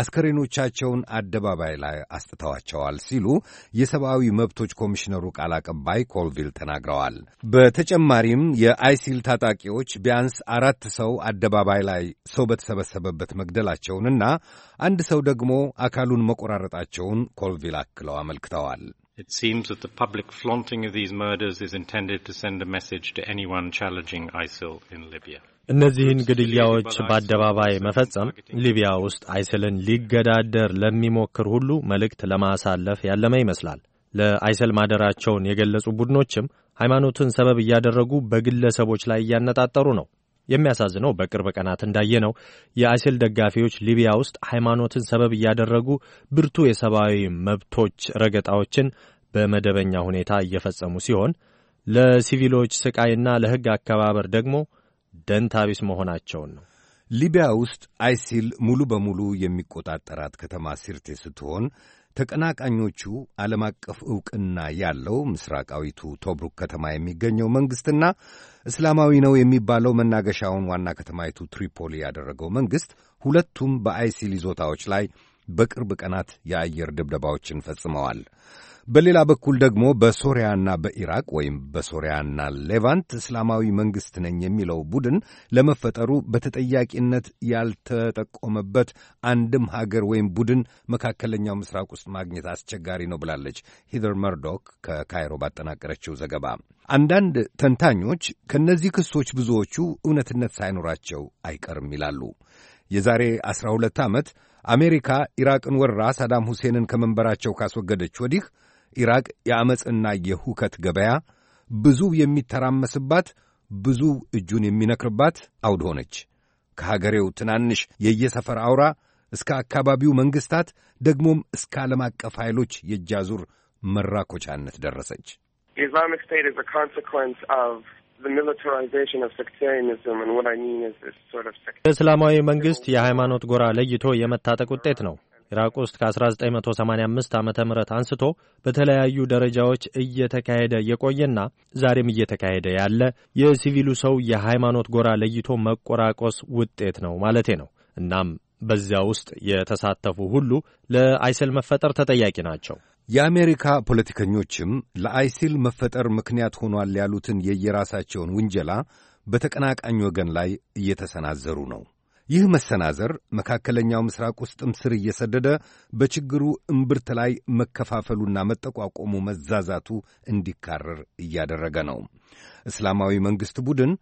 Speaker 12: አስከሬኖቻቸውን አደባባይ ላይ አስጥተዋቸዋል ሲሉ የሰብአዊ መብቶች ኮሚሽነሩ ቃል አቀባይ ኮልቪል ተናግረዋል። በተጨማሪም የአይሲል ታጣቂዎች ቢያንስ አራት ሰው አደባባይ ላይ ሰው በተሰበሰበበት መግደላቸውንና አንድ ሰው ደግሞ አካሉን መቆራረጣቸውን ኮልቪል አክለው አመልክተዋል።
Speaker 11: It seems that the public flaunting of these murders is intended to send a message to anyone challenging ISIL in Libya. እነዚህን ግድያዎች በአደባባይ መፈጸም ሊቢያ ውስጥ አይስልን ሊገዳደር ለሚሞክር ሁሉ መልእክት ለማሳለፍ ያለመ ይመስላል። ለአይስል ማደራቸውን የገለጹ ቡድኖችም ሃይማኖትን ሰበብ እያደረጉ በግለሰቦች ላይ እያነጣጠሩ ነው። የሚያሳዝነው በቅርብ ቀናት እንዳየነው የአይሲል ደጋፊዎች ሊቢያ ውስጥ ሃይማኖትን ሰበብ እያደረጉ ብርቱ የሰብአዊ መብቶች ረገጣዎችን በመደበኛ ሁኔታ እየፈጸሙ ሲሆን ለሲቪሎች ስቃይና ለሕግ አከባበር ደግሞ ደንታቢስ መሆናቸውን
Speaker 12: ነው። ሊቢያ ውስጥ አይሲል ሙሉ በሙሉ የሚቆጣጠራት ከተማ ሲርቴ ስትሆን ተቀናቃኞቹ ዓለም አቀፍ ዕውቅና ያለው ምስራቃዊቱ ቶብሩክ ከተማ የሚገኘው መንግሥትና እስላማዊ ነው የሚባለው መናገሻውን ዋና ከተማይቱ ትሪፖሊ ያደረገው መንግሥት ሁለቱም በአይሲል ይዞታዎች ላይ በቅርብ ቀናት የአየር ድብደባዎችን ፈጽመዋል። በሌላ በኩል ደግሞ በሶሪያና በኢራቅ ወይም በሶሪያና ሌቫንት እስላማዊ መንግሥት ነኝ የሚለው ቡድን ለመፈጠሩ በተጠያቂነት ያልተጠቆመበት አንድም ሀገር ወይም ቡድን መካከለኛው ምስራቅ ውስጥ ማግኘት አስቸጋሪ ነው ብላለች ሂደር መርዶክ ከካይሮ ባጠናቀረችው ዘገባ። አንዳንድ ተንታኞች ከእነዚህ ክሶች ብዙዎቹ እውነትነት ሳይኖራቸው አይቀርም ይላሉ። የዛሬ 12 ዓመት አሜሪካ ኢራቅን ወራ ሳዳም ሁሴንን ከመንበራቸው ካስወገደች ወዲህ ኢራቅ የዐመፅና የሁከት ገበያ ብዙ የሚተራመስባት ብዙ እጁን የሚነክርባት አውድ ሆነች። ከሀገሬው ትናንሽ የየሰፈር አውራ እስከ አካባቢው መንግሥታት ደግሞም እስከ ዓለም አቀፍ ኃይሎች የእጃዙር መራኮቻነት ደረሰች።
Speaker 11: እስላማዊ መንግሥት የሃይማኖት ጎራ ለይቶ የመታጠቅ ውጤት ነው። ኢራቅ ውስጥ ከ1985 ዓ ም አንስቶ በተለያዩ ደረጃዎች እየተካሄደ የቆየና ዛሬም እየተካሄደ ያለ የሲቪሉ ሰው የሃይማኖት ጎራ ለይቶ መቆራቆስ ውጤት ነው ማለቴ ነው። እናም በዚያ ውስጥ የተሳተፉ ሁሉ ለአይስል
Speaker 12: መፈጠር ተጠያቂ ናቸው። የአሜሪካ ፖለቲከኞችም ለአይሲል መፈጠር ምክንያት ሆኗል ያሉትን የየራሳቸውን ውንጀላ በተቀናቃኝ ወገን ላይ እየተሰናዘሩ ነው። ይህ መሰናዘር መካከለኛው ምስራቅ ውስጥም ስር እየሰደደ በችግሩ እምብርት ላይ መከፋፈሉና መጠቋቆሙ መዛዛቱ እንዲካረር እያደረገ ነው። እስላማዊ መንግሥት ቡድን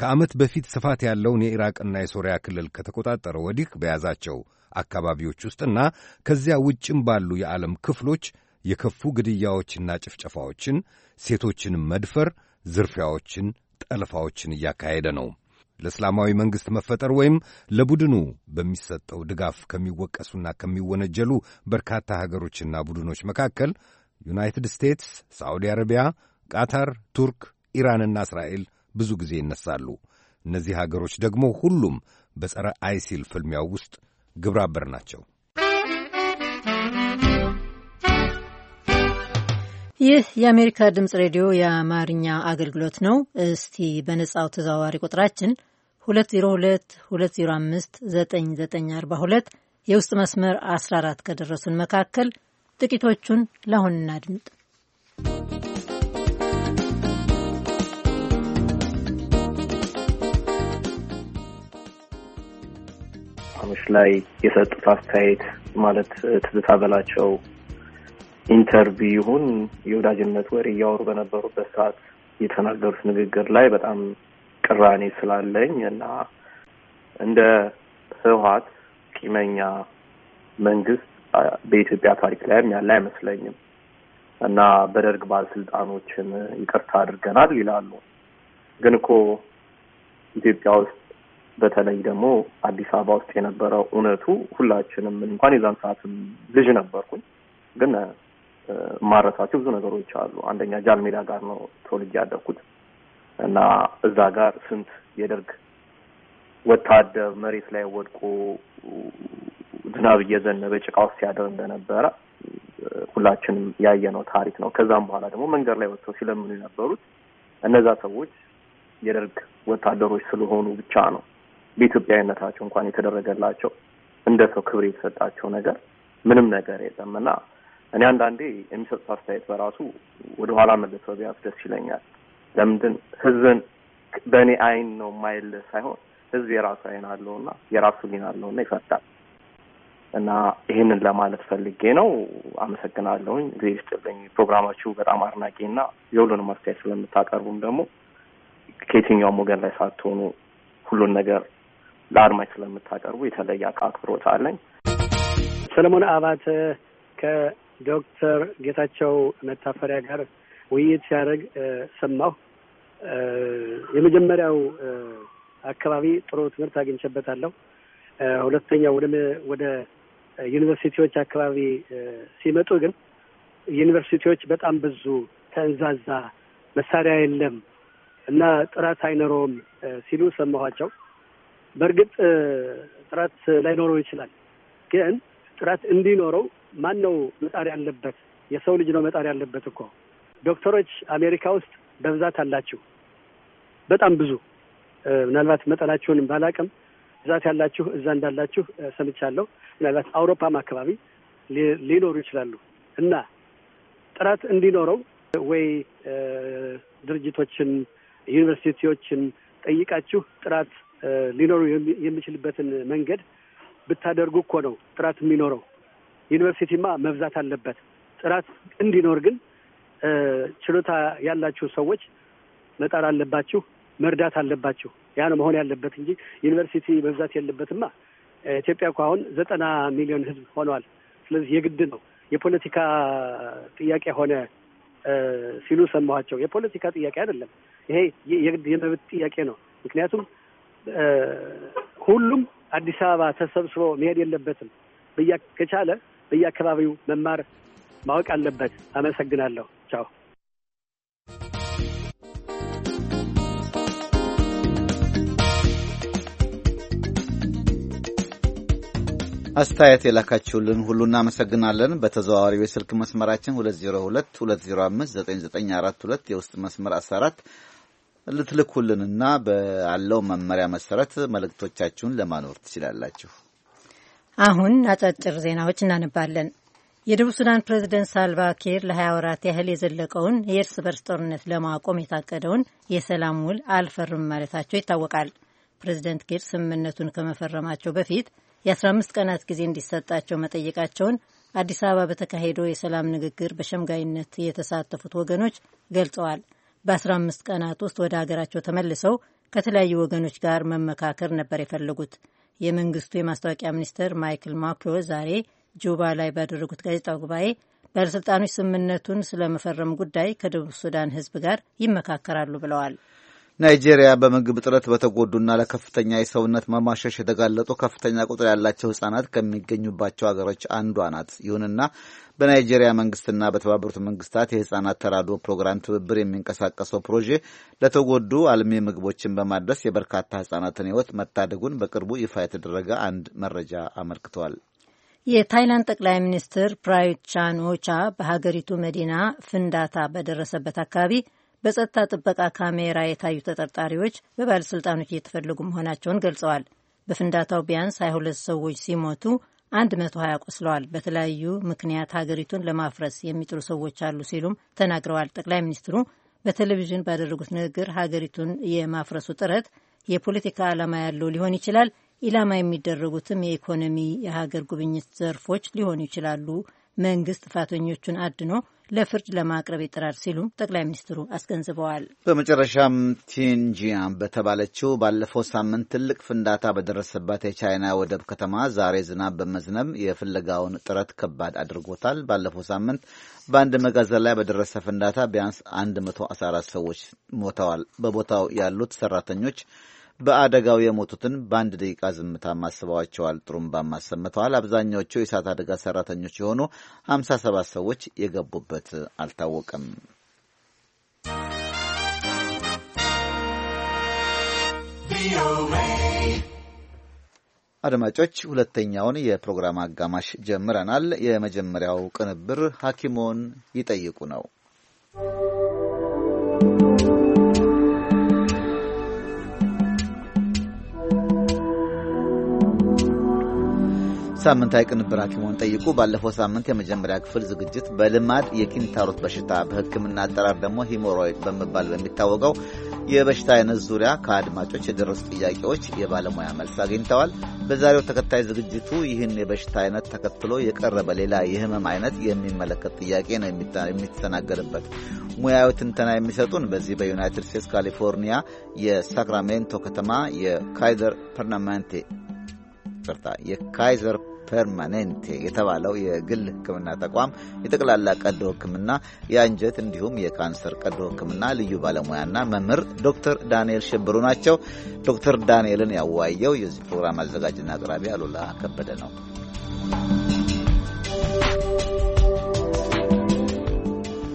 Speaker 12: ከዓመት በፊት ስፋት ያለውን የኢራቅና የሶሪያ ክልል ከተቆጣጠረ ወዲህ በያዛቸው አካባቢዎች ውስጥና ከዚያ ውጭም ባሉ የዓለም ክፍሎች የከፉ ግድያዎችና ጭፍጨፋዎችን፣ ሴቶችን መድፈር፣ ዝርፊያዎችን፣ ጠልፋዎችን እያካሄደ ነው። ለእስላማዊ መንግሥት መፈጠር ወይም ለቡድኑ በሚሰጠው ድጋፍ ከሚወቀሱና ከሚወነጀሉ በርካታ ሀገሮችና ቡድኖች መካከል ዩናይትድ ስቴትስ፣ ሳዑዲ አረቢያ፣ ቃታር፣ ቱርክ፣ ኢራንና እስራኤል ብዙ ጊዜ ይነሳሉ። እነዚህ ሀገሮች ደግሞ ሁሉም በጸረ አይሲል ፍልሚያው ውስጥ ግብረ ናቸው።
Speaker 1: ይህ የአሜሪካ ድምፅ ሬዲዮ የአማርኛ አገልግሎት ነው። እስቲ በነጻው ተዘዋዋሪ ቁጥራችን 2022059942 የውስጥ መስመር 14 ከደረሱን መካከል ጥቂቶቹን ለአሁን እናድምጥ።
Speaker 13: ች ላይ የሰጡት አስተያየት ማለት ትዝታ በላቸው ኢንተርቪው ይሁን የወዳጅነት ወሬ እያወሩ በነበሩበት ሰዓት የተናገሩት ንግግር ላይ በጣም ቅራኔ ስላለኝ እና እንደ ህወሀት ቂመኛ መንግስት በኢትዮጵያ ታሪክ ላይም ያለ አይመስለኝም እና በደርግ ባለስልጣኖችን ይቅርታ አድርገናል ይላሉ። ግን እኮ ኢትዮጵያ ውስጥ በተለይ ደግሞ አዲስ አበባ ውስጥ የነበረው እውነቱ ሁላችንም እንኳን የዛን ሰዓትም ልጅ ነበርኩኝ፣ ግን ማረሳቸው ብዙ ነገሮች አሉ። አንደኛ ጃልሜዳ ጋር ነው ተወልጄ ያደግኩት። እና እዛ ጋር ስንት የደርግ ወታደር መሬት ላይ ወድቆ ዝናብ እየዘነበ ጭቃ ውስጥ ሲያደር እንደነበረ ሁላችንም ያየነው ታሪክ ነው። ከዛም በኋላ ደግሞ መንገድ ላይ ወጥተው ሲለምኑ የነበሩት እነዛ ሰዎች የደርግ ወታደሮች ስለሆኑ ብቻ ነው በኢትዮጵያዊነታቸው እንኳን የተደረገላቸው እንደ ሰው ክብር የተሰጣቸው ነገር ምንም ነገር የለም እና እኔ አንዳንዴ የሚሰጡት አስተያየት በራሱ ወደኋላ መለሰው ቢያስ ደስ ይለኛል። ለምንድን ህዝብን በእኔ አይን ነው ማይል ሳይሆን ህዝብ የራሱ አይን አለውና የራሱ ሊን አለውና ይፈርዳል። እና ይህንን ለማለት ፈልጌ ነው። አመሰግናለሁኝ። ጊዜ ፕሮግራማችሁ በጣም አድናቂና የሁሉንም አስተያየት ስለምታቀርቡም ደግሞ ከየትኛውም ወገን ላይ ሳትሆኑ ሁሉን ነገር ለአድማጭ ስለምታቀርቡ የተለየ አክብሮት አለኝ። ሰለሞን አባተ
Speaker 14: ከዶክተር ጌታቸው መታፈሪያ ጋር ውይይት ሲያደርግ ሰማሁ። የመጀመሪያው አካባቢ ጥሩ ትምህርት አግኝቼበታለሁ። ሁለተኛው ወደ ዩኒቨርሲቲዎች አካባቢ ሲመጡ ግን ዩኒቨርሲቲዎች በጣም ብዙ ተንዛዛ፣ መሳሪያ የለም እና ጥራት አይኖረውም ሲሉ ሰማኋቸው። በእርግጥ ጥራት ላይኖረው ይችላል። ግን ጥራት እንዲኖረው ማን ነው መጣሪ ያለበት? የሰው ልጅ ነው መጣሪ ያለበት እኮ ዶክተሮች አሜሪካ ውስጥ በብዛት አላችሁ። በጣም ብዙ ምናልባት መጠናችሁንም ባላቅም ብዛት ያላችሁ እዛ እንዳላችሁ ሰምቻለሁ። ምናልባት አውሮፓም አካባቢ ሊኖሩ ይችላሉ እና ጥራት እንዲኖረው ወይ ድርጅቶችን፣ ዩኒቨርሲቲዎችን ጠይቃችሁ ጥራት ሊኖሩ የሚችልበትን መንገድ ብታደርጉ እኮ ነው ጥራት የሚኖረው። ዩኒቨርሲቲማ መብዛት አለበት። ጥራት እንዲኖር ግን ችሎታ ያላችሁ ሰዎች መጣር አለባችሁ፣ መርዳት አለባችሁ። ያ ነው መሆን ያለበት እንጂ ዩኒቨርሲቲ መብዛት የለበትማ። ኢትዮጵያ እኮ አሁን ዘጠና ሚሊዮን ህዝብ ሆነዋል። ስለዚህ የግድ ነው። የፖለቲካ ጥያቄ ሆነ ሲሉ ሰማኋቸው። የፖለቲካ ጥያቄ አይደለም ይሄ፣ የግድ የመብት ጥያቄ ነው። ምክንያቱም ሁሉም አዲስ አበባ ተሰብስቦ መሄድ የለበትም። ከቻለ በየአካባቢው መማር ማወቅ አለበት። አመሰግናለሁ። ቻው።
Speaker 2: አስተያየት የላካችሁልን ሁሉ እናመሰግናለን። በተዘዋዋሪው የስልክ መስመራችን 2022059942 የውስጥ መስመር 14 ልትልኩልንና በአለው መመሪያ መሰረት መልእክቶቻችሁን ለማኖር ትችላላችሁ።
Speaker 1: አሁን አጫጭር ዜናዎች እናነባለን። የደቡብ ሱዳን ፕሬዝደንት ሳልቫ ኪር ለ20 ወራት ያህል የዘለቀውን የእርስ በርስ ጦርነት ለማቆም የታቀደውን የሰላም ውል አልፈርም ማለታቸው ይታወቃል። ፕሬዝደንት ኪር ስምምነቱን ከመፈረማቸው በፊት የ15 ቀናት ጊዜ እንዲሰጣቸው መጠየቃቸውን አዲስ አበባ በተካሄደው የሰላም ንግግር በሸምጋይነት የተሳተፉት ወገኖች ገልጸዋል። በ15 ቀናት ውስጥ ወደ ሀገራቸው ተመልሰው ከተለያዩ ወገኖች ጋር መመካከር ነበር የፈለጉት። የመንግስቱ የማስታወቂያ ሚኒስትር ማይክል ማክሮ ዛሬ ጁባ ላይ ባደረጉት ጋዜጣዊ ጉባኤ ባለሥልጣኖች ስምምነቱን ስለመፈረም ጉዳይ ከደቡብ ሱዳን ሕዝብ ጋር ይመካከራሉ ብለዋል።
Speaker 2: ናይጄሪያ በምግብ እጥረት በተጎዱና ለከፍተኛ የሰውነት መማሸሽ የተጋለጡ ከፍተኛ ቁጥር ያላቸው ህጻናት ከሚገኙባቸው ሀገሮች አንዷ ናት። ይሁንና በናይጄሪያ መንግስትና በተባበሩት መንግስታት የህጻናት ተራድኦ ፕሮግራም ትብብር የሚንቀሳቀሰው ፕሮጄ ለተጎዱ አልሚ ምግቦችን በማድረስ የበርካታ ህጻናትን ህይወት መታደጉን በቅርቡ ይፋ የተደረገ አንድ መረጃ አመልክቷል።
Speaker 1: የታይላንድ ጠቅላይ ሚኒስትር ፕራዩት ቻን ኦቻ በሀገሪቱ መዲና ፍንዳታ በደረሰበት አካባቢ በጸጥታ ጥበቃ ካሜራ የታዩ ተጠርጣሪዎች በባለሥልጣኖች እየተፈለጉ መሆናቸውን ገልጸዋል። በፍንዳታው ቢያንስ 22 ሰዎች ሲሞቱ 120 ቆስለዋል። በተለያዩ ምክንያት ሀገሪቱን ለማፍረስ የሚጥሩ ሰዎች አሉ ሲሉም ተናግረዋል። ጠቅላይ ሚኒስትሩ በቴሌቪዥን ባደረጉት ንግግር ሀገሪቱን የማፍረሱ ጥረት የፖለቲካ ዓላማ ያለው ሊሆን ይችላል ኢላማ የሚደረጉትም የኢኮኖሚ፣ የሀገር ጉብኝት ዘርፎች ሊሆኑ ይችላሉ። መንግስት ጥፋተኞቹን አድኖ ለፍርድ ለማቅረብ ይጥራል ሲሉም ጠቅላይ ሚኒስትሩ አስገንዝበዋል።
Speaker 2: በመጨረሻም ቲንጂያን በተባለችው ባለፈው ሳምንት ትልቅ ፍንዳታ በደረሰባት የቻይና ወደብ ከተማ ዛሬ ዝናብ በመዝነብ የፍለጋውን ጥረት ከባድ አድርጎታል። ባለፈው ሳምንት በአንድ መጋዘን ላይ በደረሰ ፍንዳታ ቢያንስ 114 ሰዎች ሞተዋል። በቦታው ያሉት ሰራተኞች በአደጋው የሞቱትን በአንድ ደቂቃ ዝምታ አስበዋቸዋል። ጥሩምባም አሰምተዋል። አብዛኛዎቹ የእሳት አደጋ ሰራተኞች የሆኑ 57 ሰዎች የገቡበት አልታወቀም። አድማጮች፣ ሁለተኛውን የፕሮግራም አጋማሽ ጀምረናል። የመጀመሪያው ቅንብር ሐኪሞን ይጠይቁ ነው። ሳምንታዊ ቅንብር ሐኪሞን ጠይቁ። ባለፈው ሳምንት የመጀመሪያ ክፍል ዝግጅት በልማድ የኪንታሮት በሽታ በሕክምና አጠራር ደግሞ ሂሞሮይድ በመባል በሚታወቀው የበሽታ አይነት ዙሪያ ከአድማጮች የደረሱ ጥያቄዎች የባለሙያ መልስ አግኝተዋል። በዛሬው ተከታይ ዝግጅቱ ይህን የበሽታ አይነት ተከትሎ የቀረበ ሌላ የህመም አይነት የሚመለከት ጥያቄ ነው የሚስተናገድበት። ሙያዊ ትንተና የሚሰጡን በዚህ በዩናይትድ ስቴትስ ካሊፎርኒያ የሳክራሜንቶ ከተማ የካይዘር ፐርናማንቴ ይቅርታ የካይዘር ፐርማኔንቴ የተባለው የግል ሕክምና ተቋም የጠቅላላ ቀዶ ሕክምና የአንጀት እንዲሁም የካንሰር ቀዶ ሕክምና ልዩ ባለሙያና መምህር ዶክተር ዳንኤል ሽብሩ ናቸው። ዶክተር ዳንኤልን ያዋየው የዚህ
Speaker 6: ፕሮግራም አዘጋጅና አቅራቢ አሉላ ከበደ ነው።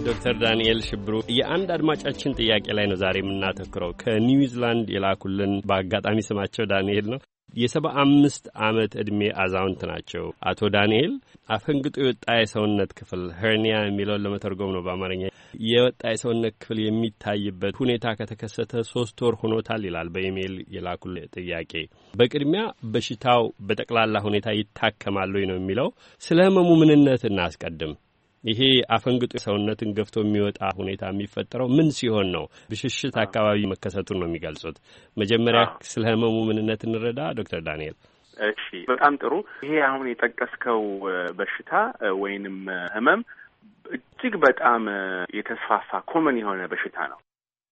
Speaker 6: ዶክተር ዳንኤል ሽብሩ የአንድ አድማጫችን ጥያቄ ላይ ነው ዛሬ የምናተኩረው። ከኒውዚላንድ የላኩልን በአጋጣሚ ስማቸው ዳንኤል ነው የሰባ አምስት ዓመት ዕድሜ አዛውንት ናቸው። አቶ ዳንኤል አፈንግጦ የወጣ የሰውነት ክፍል ሄርኒያ የሚለውን ለመተርጎም ነው በአማርኛ የወጣ የሰውነት ክፍል የሚታይበት ሁኔታ ከተከሰተ ሶስት ወር ሆኖታል ይላል በኢሜይል የላኩል ጥያቄ። በቅድሚያ በሽታው በጠቅላላ ሁኔታ ይታከማሉ ነው የሚለው። ስለ ህመሙ ምንነት እናስቀድም። ይሄ አፈንግጦ ሰውነትን ገፍቶ የሚወጣ ሁኔታ የሚፈጠረው ምን ሲሆን ነው? ብሽሽት አካባቢ መከሰቱን ነው የሚገልጹት። መጀመሪያ ስለ ህመሙ ምንነት እንረዳ ዶክተር
Speaker 15: ዳንኤል። እሺ፣ በጣም ጥሩ። ይሄ አሁን የጠቀስከው በሽታ ወይንም ህመም እጅግ በጣም የተስፋፋ ኮመን የሆነ በሽታ ነው።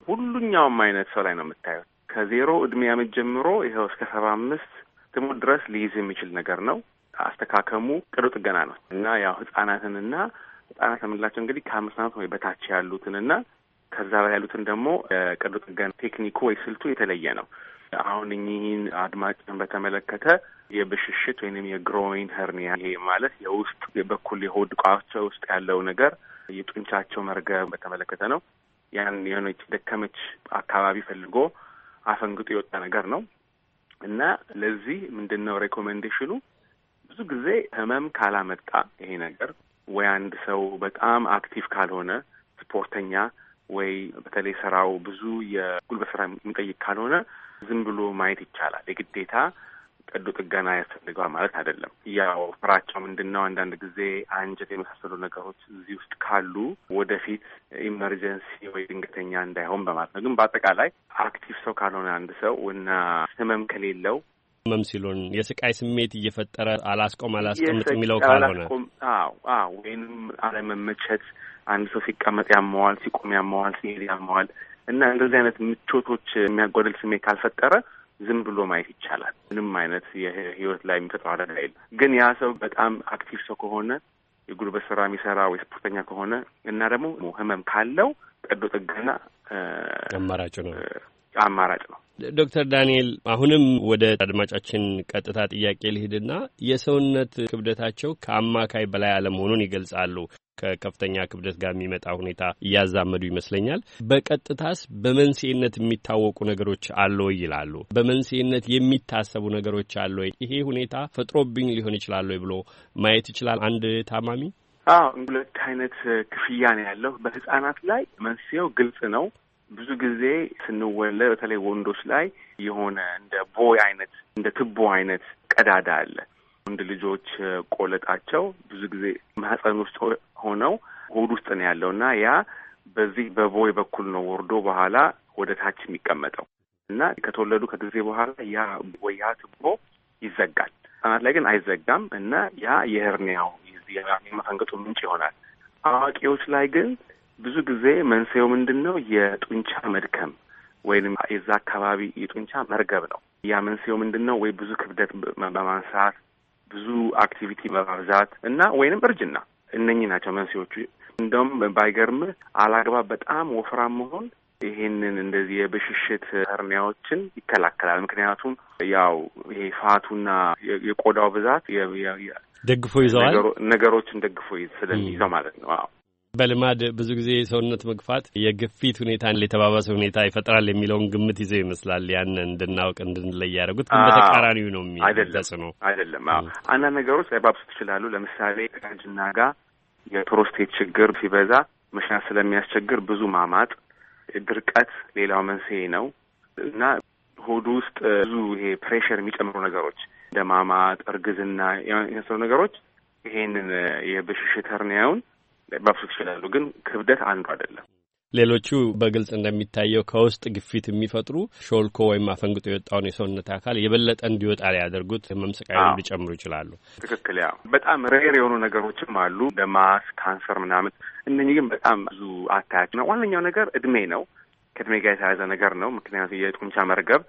Speaker 15: ሁሉኛውም አይነት ሰው ላይ ነው የምታየው። ከዜሮ እድሜ አመት ጀምሮ ይኸው እስከ ሰባ አምስት ትሙት ድረስ ሊይዝ የሚችል ነገር ነው። አስተካከሙ ቅዱ ጥገና ነው እና ያው ህጻናትንና ህጻናት የምንላቸው እንግዲህ ከአምስት ዓመት ወይ በታች ያሉትን እና ከዛ በላይ ያሉትን ደግሞ ቀዶ ጥገና ቴክኒኩ ወይ ስልቱ የተለየ ነው። አሁን እኚህን አድማጭን በተመለከተ የብሽሽት ወይንም የግሮይን ሄርኒያ ይሄ ማለት የውስጥ በኩል የሆድ ዕቃቸው ውስጥ ያለው ነገር የጡንቻቸው መርገብ በተመለከተ ነው። ያን የሆነች ደከመች አካባቢ ፈልጎ አፈንግጦ የወጣ ነገር ነው እና ለዚህ ምንድን ነው ሬኮሜንዴሽኑ? ብዙ ጊዜ ህመም ካላመጣ ይሄ ነገር ወይ አንድ ሰው በጣም አክቲቭ ካልሆነ ስፖርተኛ ወይ በተለይ ስራው ብዙ የጉልበት ስራ የሚጠይቅ ካልሆነ ዝም ብሎ ማየት ይቻላል። የግዴታ ቀዶ ጥገና ያስፈልገዋል ማለት አይደለም። ያው ፍራቸው ምንድን ነው? አንዳንድ ጊዜ አንጀት የመሳሰሉ ነገሮች እዚህ ውስጥ ካሉ ወደፊት ኢመርጀንሲ ወይ ድንገተኛ እንዳይሆን በማለት ነው። ግን በአጠቃላይ አክቲቭ ሰው ካልሆነ አንድ ሰው እና ህመም ከሌለው
Speaker 6: ህመም ሲሉን የስቃይ ስሜት እየፈጠረ አላስቆም አላስቀምጥ የሚለው ካልሆነ
Speaker 15: ወይም አለመመቸት፣ አንድ ሰው ሲቀመጥ ያመዋል፣ ሲቆም ያመዋል፣ ሲሄድ ያመዋል እና እንደዚህ አይነት ምቾቶች የሚያጓደል ስሜት ካልፈጠረ ዝም ብሎ ማየት ይቻላል። ምንም አይነት የህይወት ላይ የሚፈጥረው አደጋ የለም። ግን ያ ሰው በጣም አክቲቭ ሰው ከሆነ የጉልበት ስራ የሚሰራ ወይ ስፖርተኛ ከሆነ እና ደግሞ ህመም ካለው ቀዶ ጥገና አማራጭ ነው አማራጭ ነው።
Speaker 6: ዶክተር ዳንኤል አሁንም ወደ አድማጫችን ቀጥታ ጥያቄ ልሂድና የሰውነት ክብደታቸው ከአማካይ በላይ አለመሆኑን ይገልጻሉ። ከከፍተኛ ክብደት ጋር የሚመጣ ሁኔታ እያዛመዱ ይመስለኛል። በቀጥታስ በመንስኤነት የሚታወቁ ነገሮች አሉ ይላሉ። በመንስኤነት የሚታሰቡ ነገሮች አሉ። ይሄ ሁኔታ ፈጥሮብኝ ሊሆን ይችላል ብሎ ማየት ይችላል አንድ ታማሚ?
Speaker 15: አዎ ሁለት አይነት ክፍያ ነው ያለው። በህጻናት ላይ መንስኤው ግልጽ ነው። ብዙ ጊዜ ስንወለድ በተለይ ወንዶች ላይ የሆነ እንደ ቦይ አይነት እንደ ትቦ አይነት ቀዳዳ አለ። ወንድ ልጆች ቆለጣቸው ብዙ ጊዜ ማህፀን ውስጥ ሆነው ሆድ ውስጥ ነው ያለው እና ያ በዚህ በቦይ በኩል ነው ወርዶ በኋላ ወደ ታች የሚቀመጠው እና ከተወለዱ ከጊዜ በኋላ ያ ቦይ ያ ትቦ ይዘጋል። ህጻናት ላይ ግን አይዘጋም እና ያ የህርኒያው የመፈንገጡ ምንጭ ይሆናል። አዋቂዎች ላይ ግን ብዙ ጊዜ መንስኤው ምንድን ነው? የጡንቻ መድከም ወይም የዛ አካባቢ የጡንቻ መርገብ ነው። ያ መንስኤው ምንድን ነው? ወይ ብዙ ክብደት በማንሳት ብዙ አክቲቪቲ በማብዛት እና ወይንም እርጅና፣ እነኚህ ናቸው መንስኤዎቹ። እንደውም ባይገርም አላግባብ በጣም ወፍራም መሆን ይሄንን እንደዚህ የብሽሽት ህርኒያዎችን ይከላከላል። ምክንያቱም ያው ይሄ ፋቱና የቆዳው ብዛት
Speaker 6: ደግፎ ይዘዋል
Speaker 15: ነገሮችን ደግፎ ስለሚይዘው ማለት ነው። አዎ
Speaker 6: በልማድ ብዙ ጊዜ የሰውነት መግፋት የግፊት ሁኔታን የተባባሰ ሁኔታ ይፈጥራል የሚለውን ግምት ይዘው ይመስላል ያን እንድናውቅ እንድንለይ ያደረጉት፣ ግን በተቃራኒው ነው
Speaker 15: ነው አይደለም። አንዳንድ ነገሮች ላይባብሱ ትችላሉ። ለምሳሌ ከእርጅና ጋር የፕሮስቴት ችግር ሲበዛ መሽናት ስለሚያስቸግር ብዙ ማማጥ፣ ድርቀት ሌላው መንስኤ ነው እና ሆዱ ውስጥ ብዙ ይሄ ፕሬሽር የሚጨምሩ ነገሮች እንደ ማማጥ፣ እርግዝና የመሰሉ ነገሮች ይሄንን የብሽሽት ሄርኒያውን መፍሱ ይችላሉ። ግን ክብደት አንዱ አይደለም።
Speaker 6: ሌሎቹ በግልጽ እንደሚታየው ከውስጥ ግፊት የሚፈጥሩ ሾልኮ ወይም አፈንግጦ የወጣውን የሰውነት አካል የበለጠ እንዲወጣ ሊያደርጉት መምሰቃዊ ሊጨምሩ ይችላሉ።
Speaker 15: ትክክል። ያ በጣም ሬር የሆኑ ነገሮችም አሉ እንደ ማስ ካንሰር ምናምን። እነኚህ ግን በጣም ብዙ አታያች ነው። ዋነኛው ነገር እድሜ ነው። ከእድሜ ጋር የተያያዘ ነገር ነው። ምክንያቱ የጡንቻ መርገብ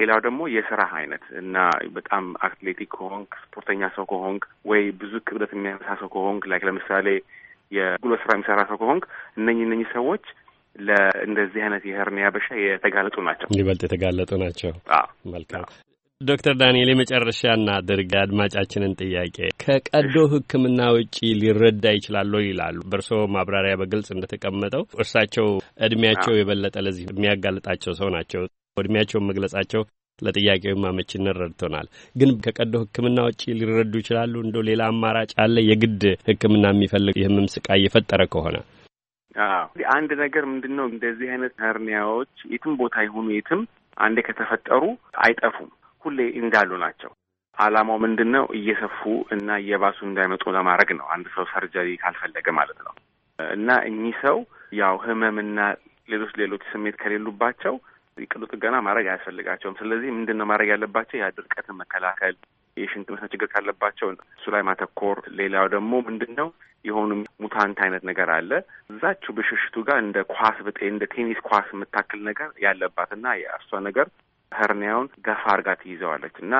Speaker 15: ሌላው ደግሞ የስራ አይነት እና በጣም አትሌቲክ ከሆንክ ስፖርተኛ ሰው ከሆንክ ወይ ብዙ ክብደት የሚያነሳ ሰው ከሆንክ ላይክ ለምሳሌ የጉልበት ስራ የሚሰራ ሰው ከሆንክ እነኝ እነኝ ሰዎች ለእንደዚህ አይነት የሄርኒያ በሽታ የተጋለጡ ናቸው፣
Speaker 6: ይበልጥ የተጋለጡ ናቸው። መልካም ዶክተር ዳንኤል የመጨረሻና እናድርግ አድማጫችንን ጥያቄ ከቀዶ ሕክምና ውጪ ሊረዳ ይችላሉ ይላሉ። በእርስዎ ማብራሪያ በግልጽ እንደተቀመጠው እርሳቸው እድሜያቸው የበለጠ ለዚህ የሚያጋልጣቸው ሰው ናቸው። እድሜያቸውን መግለጻቸው ለጥያቄው ማመችነት ረድቶናል። ግን ከቀዶ ሕክምና ውጭ ሊረዱ ይችላሉ? እንደ ሌላ አማራጭ አለ? የግድ ሕክምና የሚፈልግ የህመም ስቃይ የፈጠረ ከሆነ
Speaker 15: አንድ ነገር ምንድን ነው፣ እንደዚህ አይነት ሀርኒያዎች የትም ቦታ ይሁኑ የትም አንዴ ከተፈጠሩ አይጠፉም፣ ሁሌ እንዳሉ ናቸው። አላማው ምንድን ነው? እየሰፉ እና እየባሱ እንዳይመጡ ለማድረግ ነው። አንድ ሰው ሰርጀሪ ካልፈለገ ማለት ነው። እና እኚህ ሰው ያው ህመምና ሌሎች ሌሎች ስሜት ከሌሉባቸው የቀዶ ጥገና ማድረግ አያስፈልጋቸውም። ስለዚህ ምንድን ነው ማድረግ ያለባቸው? የአየር መከላከል፣ የሽንት መስነ ችግር ካለባቸው እሱ ላይ ማተኮር። ሌላው ደግሞ ምንድን ነው የሆኑ ሙታንት አይነት ነገር አለ እዛችሁ ብሽሽቱ ጋር እንደ ኳስ ብጤ እንደ ቴኒስ ኳስ የምታክል ነገር ያለባት እና የእሷ ነገር ሄርኒያውን ገፋ አርጋ ትይዘዋለች እና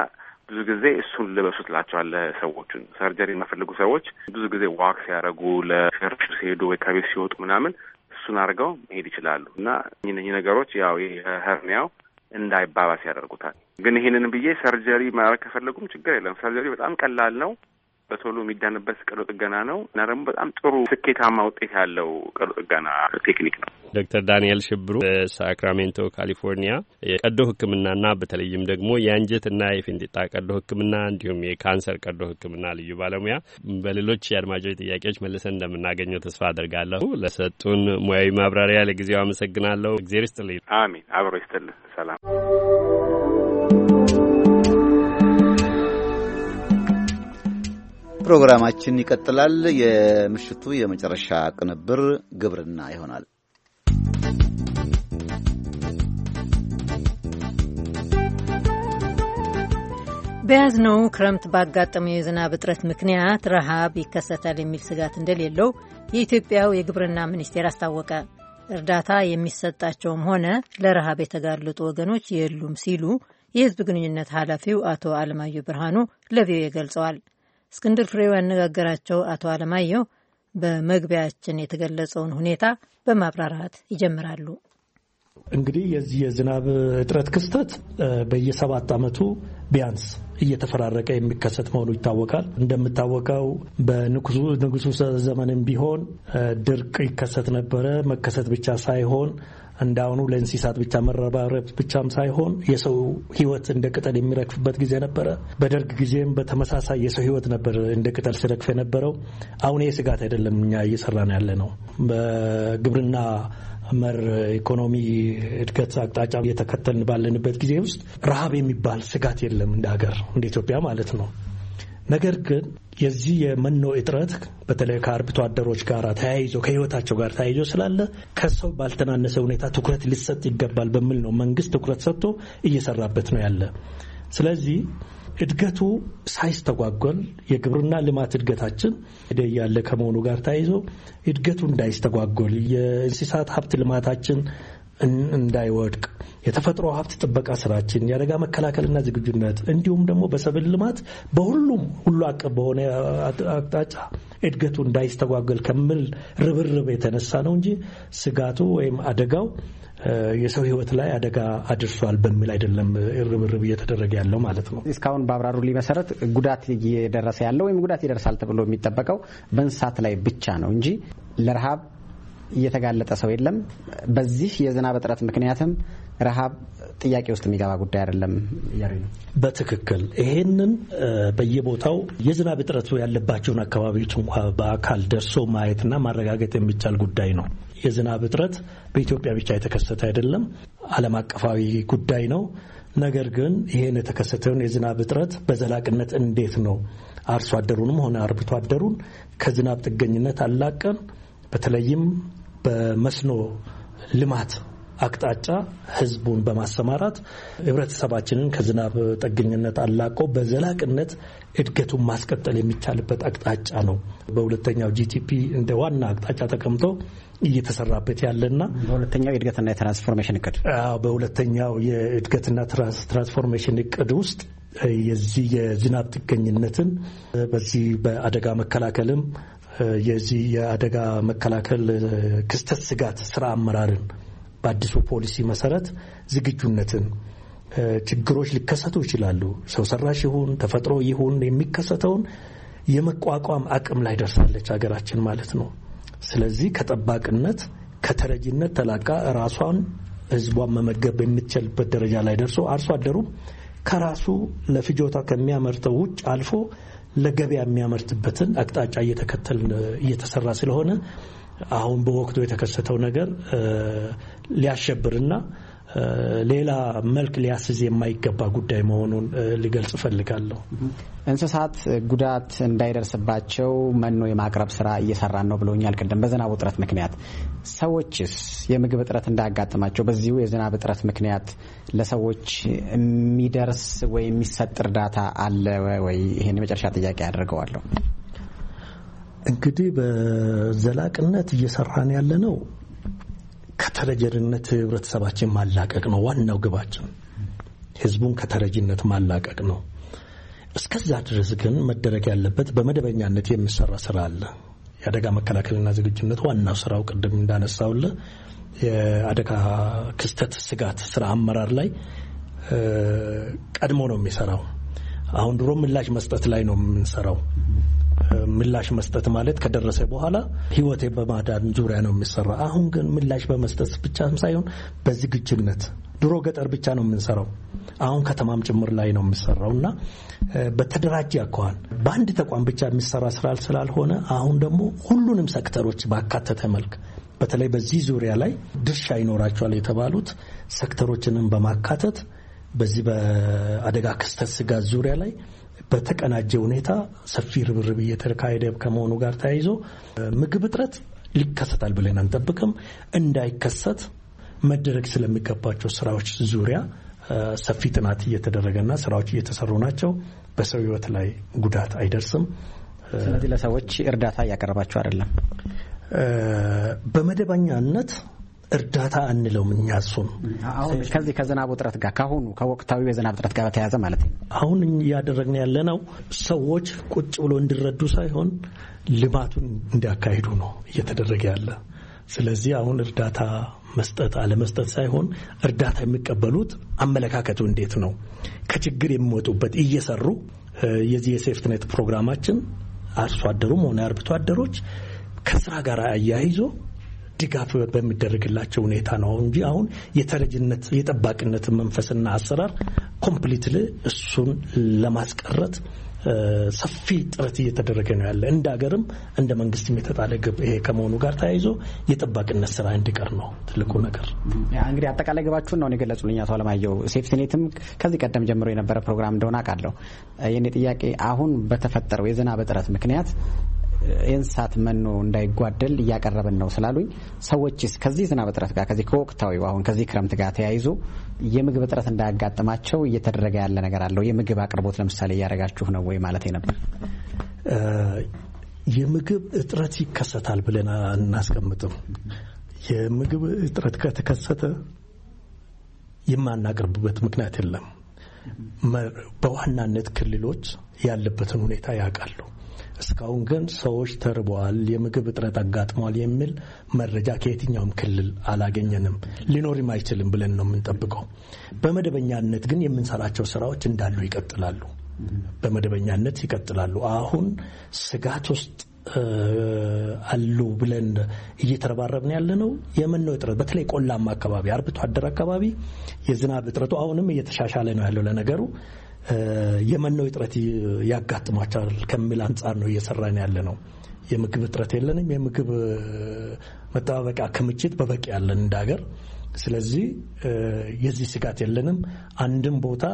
Speaker 15: ብዙ ጊዜ እሱን ልበሱ ትላቸዋለህ። ሰዎቹን ሰርጀሪ የማፈልጉ ሰዎች ብዙ ጊዜ ዋክስ ያደረጉ ለሸርሽ ሲሄዱ ወይ ከቤት ሲወጡ ምናምን እሱን አድርገው መሄድ ይችላሉ እና እነኚህ ነገሮች ያው የህርኒያው እንዳይባባስ ያደርጉታል። ግን ይህንን ብዬ ሰርጀሪ ማድረግ ከፈለጉም ችግር የለም። ሰርጀሪ በጣም ቀላል ነው። በቶሎ የሚዳንበት ቀዶ ጥገና ነው እና ደግሞ በጣም ጥሩ ስኬታማ ውጤት ያለው ቀዶ ጥገና ቴክኒክ ነው።
Speaker 6: ዶክተር ዳንኤል ሽብሩ በሳክራሜንቶ ካሊፎርኒያ የቀዶ ሕክምናና በተለይም ደግሞ የአንጀትና የፊንጢጣ ቀዶ ሕክምና እንዲሁም የካንሰር ቀዶ ሕክምና ልዩ ባለሙያ በሌሎች የአድማጮች ጥያቄዎች መልሰን እንደምናገኘው ተስፋ አድርጋለሁ። ለሰጡን ሙያዊ ማብራሪያ ለጊዜው አመሰግናለሁ። እግዜር ይስጥልኝ።
Speaker 15: አሜን። አብሮ ይስጥልን። ሰላም
Speaker 2: ፕሮግራማችን ይቀጥላል። የምሽቱ የመጨረሻ ቅንብር ግብርና ይሆናል።
Speaker 1: በያዝነው ክረምት ባጋጠመው የዝናብ እጥረት ምክንያት ረሃብ ይከሰታል የሚል ስጋት እንደሌለው የኢትዮጵያው የግብርና ሚኒስቴር አስታወቀ። እርዳታ የሚሰጣቸውም ሆነ ለረሃብ የተጋለጡ ወገኖች የሉም ሲሉ የህዝብ ግንኙነት ኃላፊው አቶ አለማየሁ ብርሃኑ ለቪኦኤ ገልጸዋል። እስክንድር ፍሬው ያነጋገራቸው አቶ አለማየሁ በመግቢያችን የተገለጸውን ሁኔታ በማብራራት ይጀምራሉ።
Speaker 3: እንግዲህ የዚህ የዝናብ እጥረት ክስተት በየሰባት ዓመቱ ቢያንስ እየተፈራረቀ የሚከሰት መሆኑ ይታወቃል። እንደምታወቀው በንጉሱ ዘመንም ቢሆን ድርቅ ይከሰት ነበረ። መከሰት ብቻ ሳይሆን እንዳሁኑ ለእንስሳት ብቻ መረባረብ ብቻም ሳይሆን የሰው ህይወት እንደ ቅጠል የሚረግፍበት ጊዜ ነበረ። በደርግ ጊዜም በተመሳሳይ የሰው ህይወት ነበር እንደ ቅጠል ሲረግፍ የነበረው። አሁን ይህ ስጋት አይደለም። እኛ እየሰራን ያለ ነው በግብርና መር ኢኮኖሚ እድገት አቅጣጫ እየተከተልን ባለንበት ጊዜ ውስጥ ረሃብ የሚባል ስጋት የለም እንደ ሀገር እንደ ኢትዮጵያ ማለት ነው። ነገር ግን የዚህ የመኖ እጥረት በተለይ ከአርብቶ አደሮች ጋር ተያይዞ ከህይወታቸው ጋር ተያይዞ ስላለ ከሰው ባልተናነሰ ሁኔታ ትኩረት ሊሰጥ ይገባል በሚል ነው መንግስት ትኩረት ሰጥቶ እየሰራበት ነው ያለ። ስለዚህ እድገቱ ሳይስተጓጎል የግብርና ልማት እድገታችን ደ ያለ ከመሆኑ ጋር ተያይዞ እድገቱ እንዳይስተጓጎል የእንስሳት ሀብት ልማታችን እንዳይወድቅ የተፈጥሮ ሀብት ጥበቃ ስራችን፣ የአደጋ መከላከልና ዝግጁነት እንዲሁም ደግሞ በሰብል ልማት በሁሉም ሁሉ አቀፍ በሆነ አቅጣጫ እድገቱ እንዳይስተጓገል ከሚል ርብርብ የተነሳ ነው እንጂ ስጋቱ ወይም አደጋው የሰው ሕይወት ላይ አደጋ አድርሷል በሚል አይደለም ርብርብ እየተደረገ ያለው ማለት ነው። እስካሁን በአብራሩ
Speaker 9: መሰረት ጉዳት እየደረሰ ያለው ወይም ጉዳት ይደርሳል ተብሎ የሚጠበቀው በእንስሳት ላይ ብቻ ነው እንጂ ለረሃብ እየተጋለጠ ሰው የለም። በዚህ የዝናብ እጥረት ምክንያትም ረሃብ ጥያቄ ውስጥ የሚገባ ጉዳይ አይደለም
Speaker 3: እያሉ ነው። በትክክል ይሄንን በየቦታው የዝናብ እጥረቱ ያለባቸውን አካባቢዎች እንኳ በአካል ደርሶ ማየትና ማረጋገጥ የሚቻል ጉዳይ ነው። የዝናብ እጥረት በኢትዮጵያ ብቻ የተከሰተ አይደለም፣ ዓለም አቀፋዊ ጉዳይ ነው። ነገር ግን ይህን የተከሰተውን የዝናብ እጥረት በዘላቅነት እንዴት ነው አርሶ አደሩንም ሆነ አርብቶ አደሩን ከዝናብ ጥገኝነት አላቀን በተለይም በመስኖ ልማት አቅጣጫ ህዝቡን በማሰማራት ህብረተሰባችንን ከዝናብ ጠግኝነት አላቆ በዘላቅነት እድገቱን ማስቀጠል የሚቻልበት አቅጣጫ ነው። በሁለተኛው ጂቲፒ እንደ ዋና አቅጣጫ ተቀምጦ እየተሰራበት ያለና በሁለተኛው የእድገትና የትራንስፎርሜሽን እቅድ በሁለተኛው የእድገትና ትራንስፎርሜሽን እቅድ ውስጥ የዚህ የዝናብ ጥገኝነትን በዚህ በአደጋ መከላከልም የዚህ የአደጋ መከላከል ክስተት ስጋት ስራ አመራርን በአዲሱ ፖሊሲ መሰረት ዝግጁነትን ችግሮች ሊከሰቱ ይችላሉ። ሰው ሰራሽ ይሁን ተፈጥሮ ይሁን የሚከሰተውን የመቋቋም አቅም ላይ ደርሳለች ሀገራችን ማለት ነው። ስለዚህ ከጠባቅነት ከተረጂነት ተላቃ ራሷን ህዝቧን መመገብ የምትችልበት ደረጃ ላይ ደርሶ አርሶ አደሩም ከራሱ ለፍጆታ ከሚያመርተው ውጭ አልፎ ለገበያ የሚያመርትበትን አቅጣጫ እየተከተል እየተሰራ ስለሆነ አሁን በወቅቱ የተከሰተው ነገር ሊያሸብርና ሌላ መልክ ሊያስዝ የማይገባ ጉዳይ መሆኑን ልገልጽ እፈልጋለሁ።
Speaker 9: እንስሳት ጉዳት እንዳይደርስባቸው መኖ የማቅረብ ስራ እየሰራን ነው ብሎኛል ቅድም በዝናብ እጥረት ምክንያት። ሰዎችስ የምግብ እጥረት እንዳያጋጥማቸው በዚሁ የዝናብ እጥረት ምክንያት ለሰዎች የሚደርስ ወይ የሚሰጥ እርዳታ አለ ወይ? ይህን የመጨረሻ ጥያቄ አድርገዋለሁ።
Speaker 3: እንግዲህ በዘላቅነት እየሰራን ያለ ነው ከተረጀነት ህብረተሰባችን ማላቀቅ ነው ዋናው ግባችን። ህዝቡን ከተረጅነት ማላቀቅ ነው። እስከዛ ድረስ ግን መደረግ ያለበት በመደበኛነት የሚሰራ ስራ አለ። የአደጋ መከላከልና ዝግጁነት ዋናው ስራው ቅድም እንዳነሳውለ የአደጋ ክስተት ስጋት ስራ አመራር ላይ ቀድሞ ነው የሚሰራው። አሁን ድሮ ምላሽ መስጠት ላይ ነው የምንሰራው። ምላሽ መስጠት ማለት ከደረሰ በኋላ ህይወቴ በማዳን ዙሪያ ነው የሚሰራ። አሁን ግን ምላሽ በመስጠት ብቻ ሳይሆን በዝግጅነት ድሮ ገጠር ብቻ ነው የምንሰራው፣ አሁን ከተማም ጭምር ላይ ነው የምሰራው እና በተደራጀ አኳኋን በአንድ ተቋም ብቻ የሚሰራ ስራ ስላልሆነ አሁን ደግሞ ሁሉንም ሴክተሮች ባካተተ መልክ በተለይ በዚህ ዙሪያ ላይ ድርሻ ይኖራቸዋል የተባሉት ሴክተሮችንም በማካተት በዚህ በአደጋ ክስተት ስጋት ዙሪያ ላይ በተቀናጀ ሁኔታ ሰፊ ርብርብ እየተካሄደ ከመሆኑ ጋር ተያይዞ ምግብ እጥረት ሊከሰታል ብለን አንጠብቅም። እንዳይከሰት መደረግ ስለሚገባቸው ስራዎች ዙሪያ ሰፊ ጥናት እየተደረገና ስራዎች እየተሰሩ ናቸው። በሰው ህይወት ላይ ጉዳት አይደርስም። ስለዚህ ለሰዎች እርዳታ እያቀረባቸው አይደለም በመደበኛነት እርዳታ አንለውም እኛ እሱን ከዚህ
Speaker 9: ከዝናብ ውጥረት ጋር ከአሁኑ ከወቅታዊ የዝናብ ውጥረት ጋር በተያያዘ ማለት ነው።
Speaker 3: አሁን እያደረግን ያለ ነው ሰዎች ቁጭ ብሎ እንዲረዱ ሳይሆን ልማቱን እንዲያካሂዱ ነው እየተደረገ ያለ። ስለዚህ አሁን እርዳታ መስጠት አለመስጠት ሳይሆን እርዳታ የሚቀበሉት አመለካከቱ እንዴት ነው፣ ከችግር የሚወጡበት እየሰሩ የዚህ የሴፍትኔት ፕሮግራማችን አርሶ አደሩም ሆነ አርብቶ አደሮች ከስራ ጋር አያይዞ ድጋፍ በሚደረግላቸው ሁኔታ ነው እንጂ አሁን የተረጅነት የጠባቂነት መንፈስና አሰራር ኮምፕሊትሊ እሱን ለማስቀረት ሰፊ ጥረት እየተደረገ ነው ያለ እንደ ሀገርም እንደ መንግስትም የተጣለ ግብ ይሄ ከመሆኑ ጋር ተያይዞ የጠባቂነት ስራ እንዲቀር ነው ትልቁ ነገር።
Speaker 9: እንግዲህ አጠቃላይ ግባችሁን ነው የገለጹልኝ አቶ አለማየሁ። ሴፍቲኔትም ከዚህ ቀደም ጀምሮ የነበረ ፕሮግራም እንደሆነ አውቃለሁ። የኔ ጥያቄ አሁን በተፈጠረው የዝናብ እጥረት ምክንያት የእንስሳት መኖ እንዳይጓደል እያቀረብን ነው ስላሉኝ ሰዎችስ ከዚህ ዝናብ እጥረት ጋር ከዚህ ከወቅታዊ አሁን ከዚህ ክረምት ጋር ተያይዞ የምግብ እጥረት እንዳያጋጥማቸው እየተደረገ ያለ ነገር አለው? የምግብ አቅርቦት ለምሳሌ
Speaker 3: እያደረጋችሁ ነው ወይ ማለት ነበር። የምግብ እጥረት ይከሰታል ብለን አናስቀምጥም። የምግብ እጥረት ከተከሰተ የማናቀርብበት ምክንያት የለም። በዋናነት ክልሎች ያለበትን ሁኔታ ያውቃሉ። እስካሁን ግን ሰዎች ተርበዋል፣ የምግብ እጥረት አጋጥሟል የሚል መረጃ ከየትኛውም ክልል አላገኘንም። ሊኖርም አይችልም ብለን ነው የምንጠብቀው። በመደበኛነት ግን የምንሰራቸው ስራዎች እንዳሉ ይቀጥላሉ። በመደበኛነት ይቀጥላሉ። አሁን ስጋት ውስጥ አሉ ብለን እየተረባረብን ያለ ነው የመኖ እጥረት፣ በተለይ ቆላማ አካባቢ፣ አርብቶ አደር አካባቢ የዝናብ እጥረቱ አሁንም እየተሻሻለ ነው ያለው ለነገሩ የመኖ እጥረት ያጋጥሟቸዋል ከሚል አንጻር ነው እየሰራን ያለ ነው። የምግብ እጥረት የለንም። የምግብ መጠባበቂያ ክምችት በበቂ ያለን እንደ ሀገር። ስለዚህ የዚህ ስጋት የለንም። አንድም ቦታ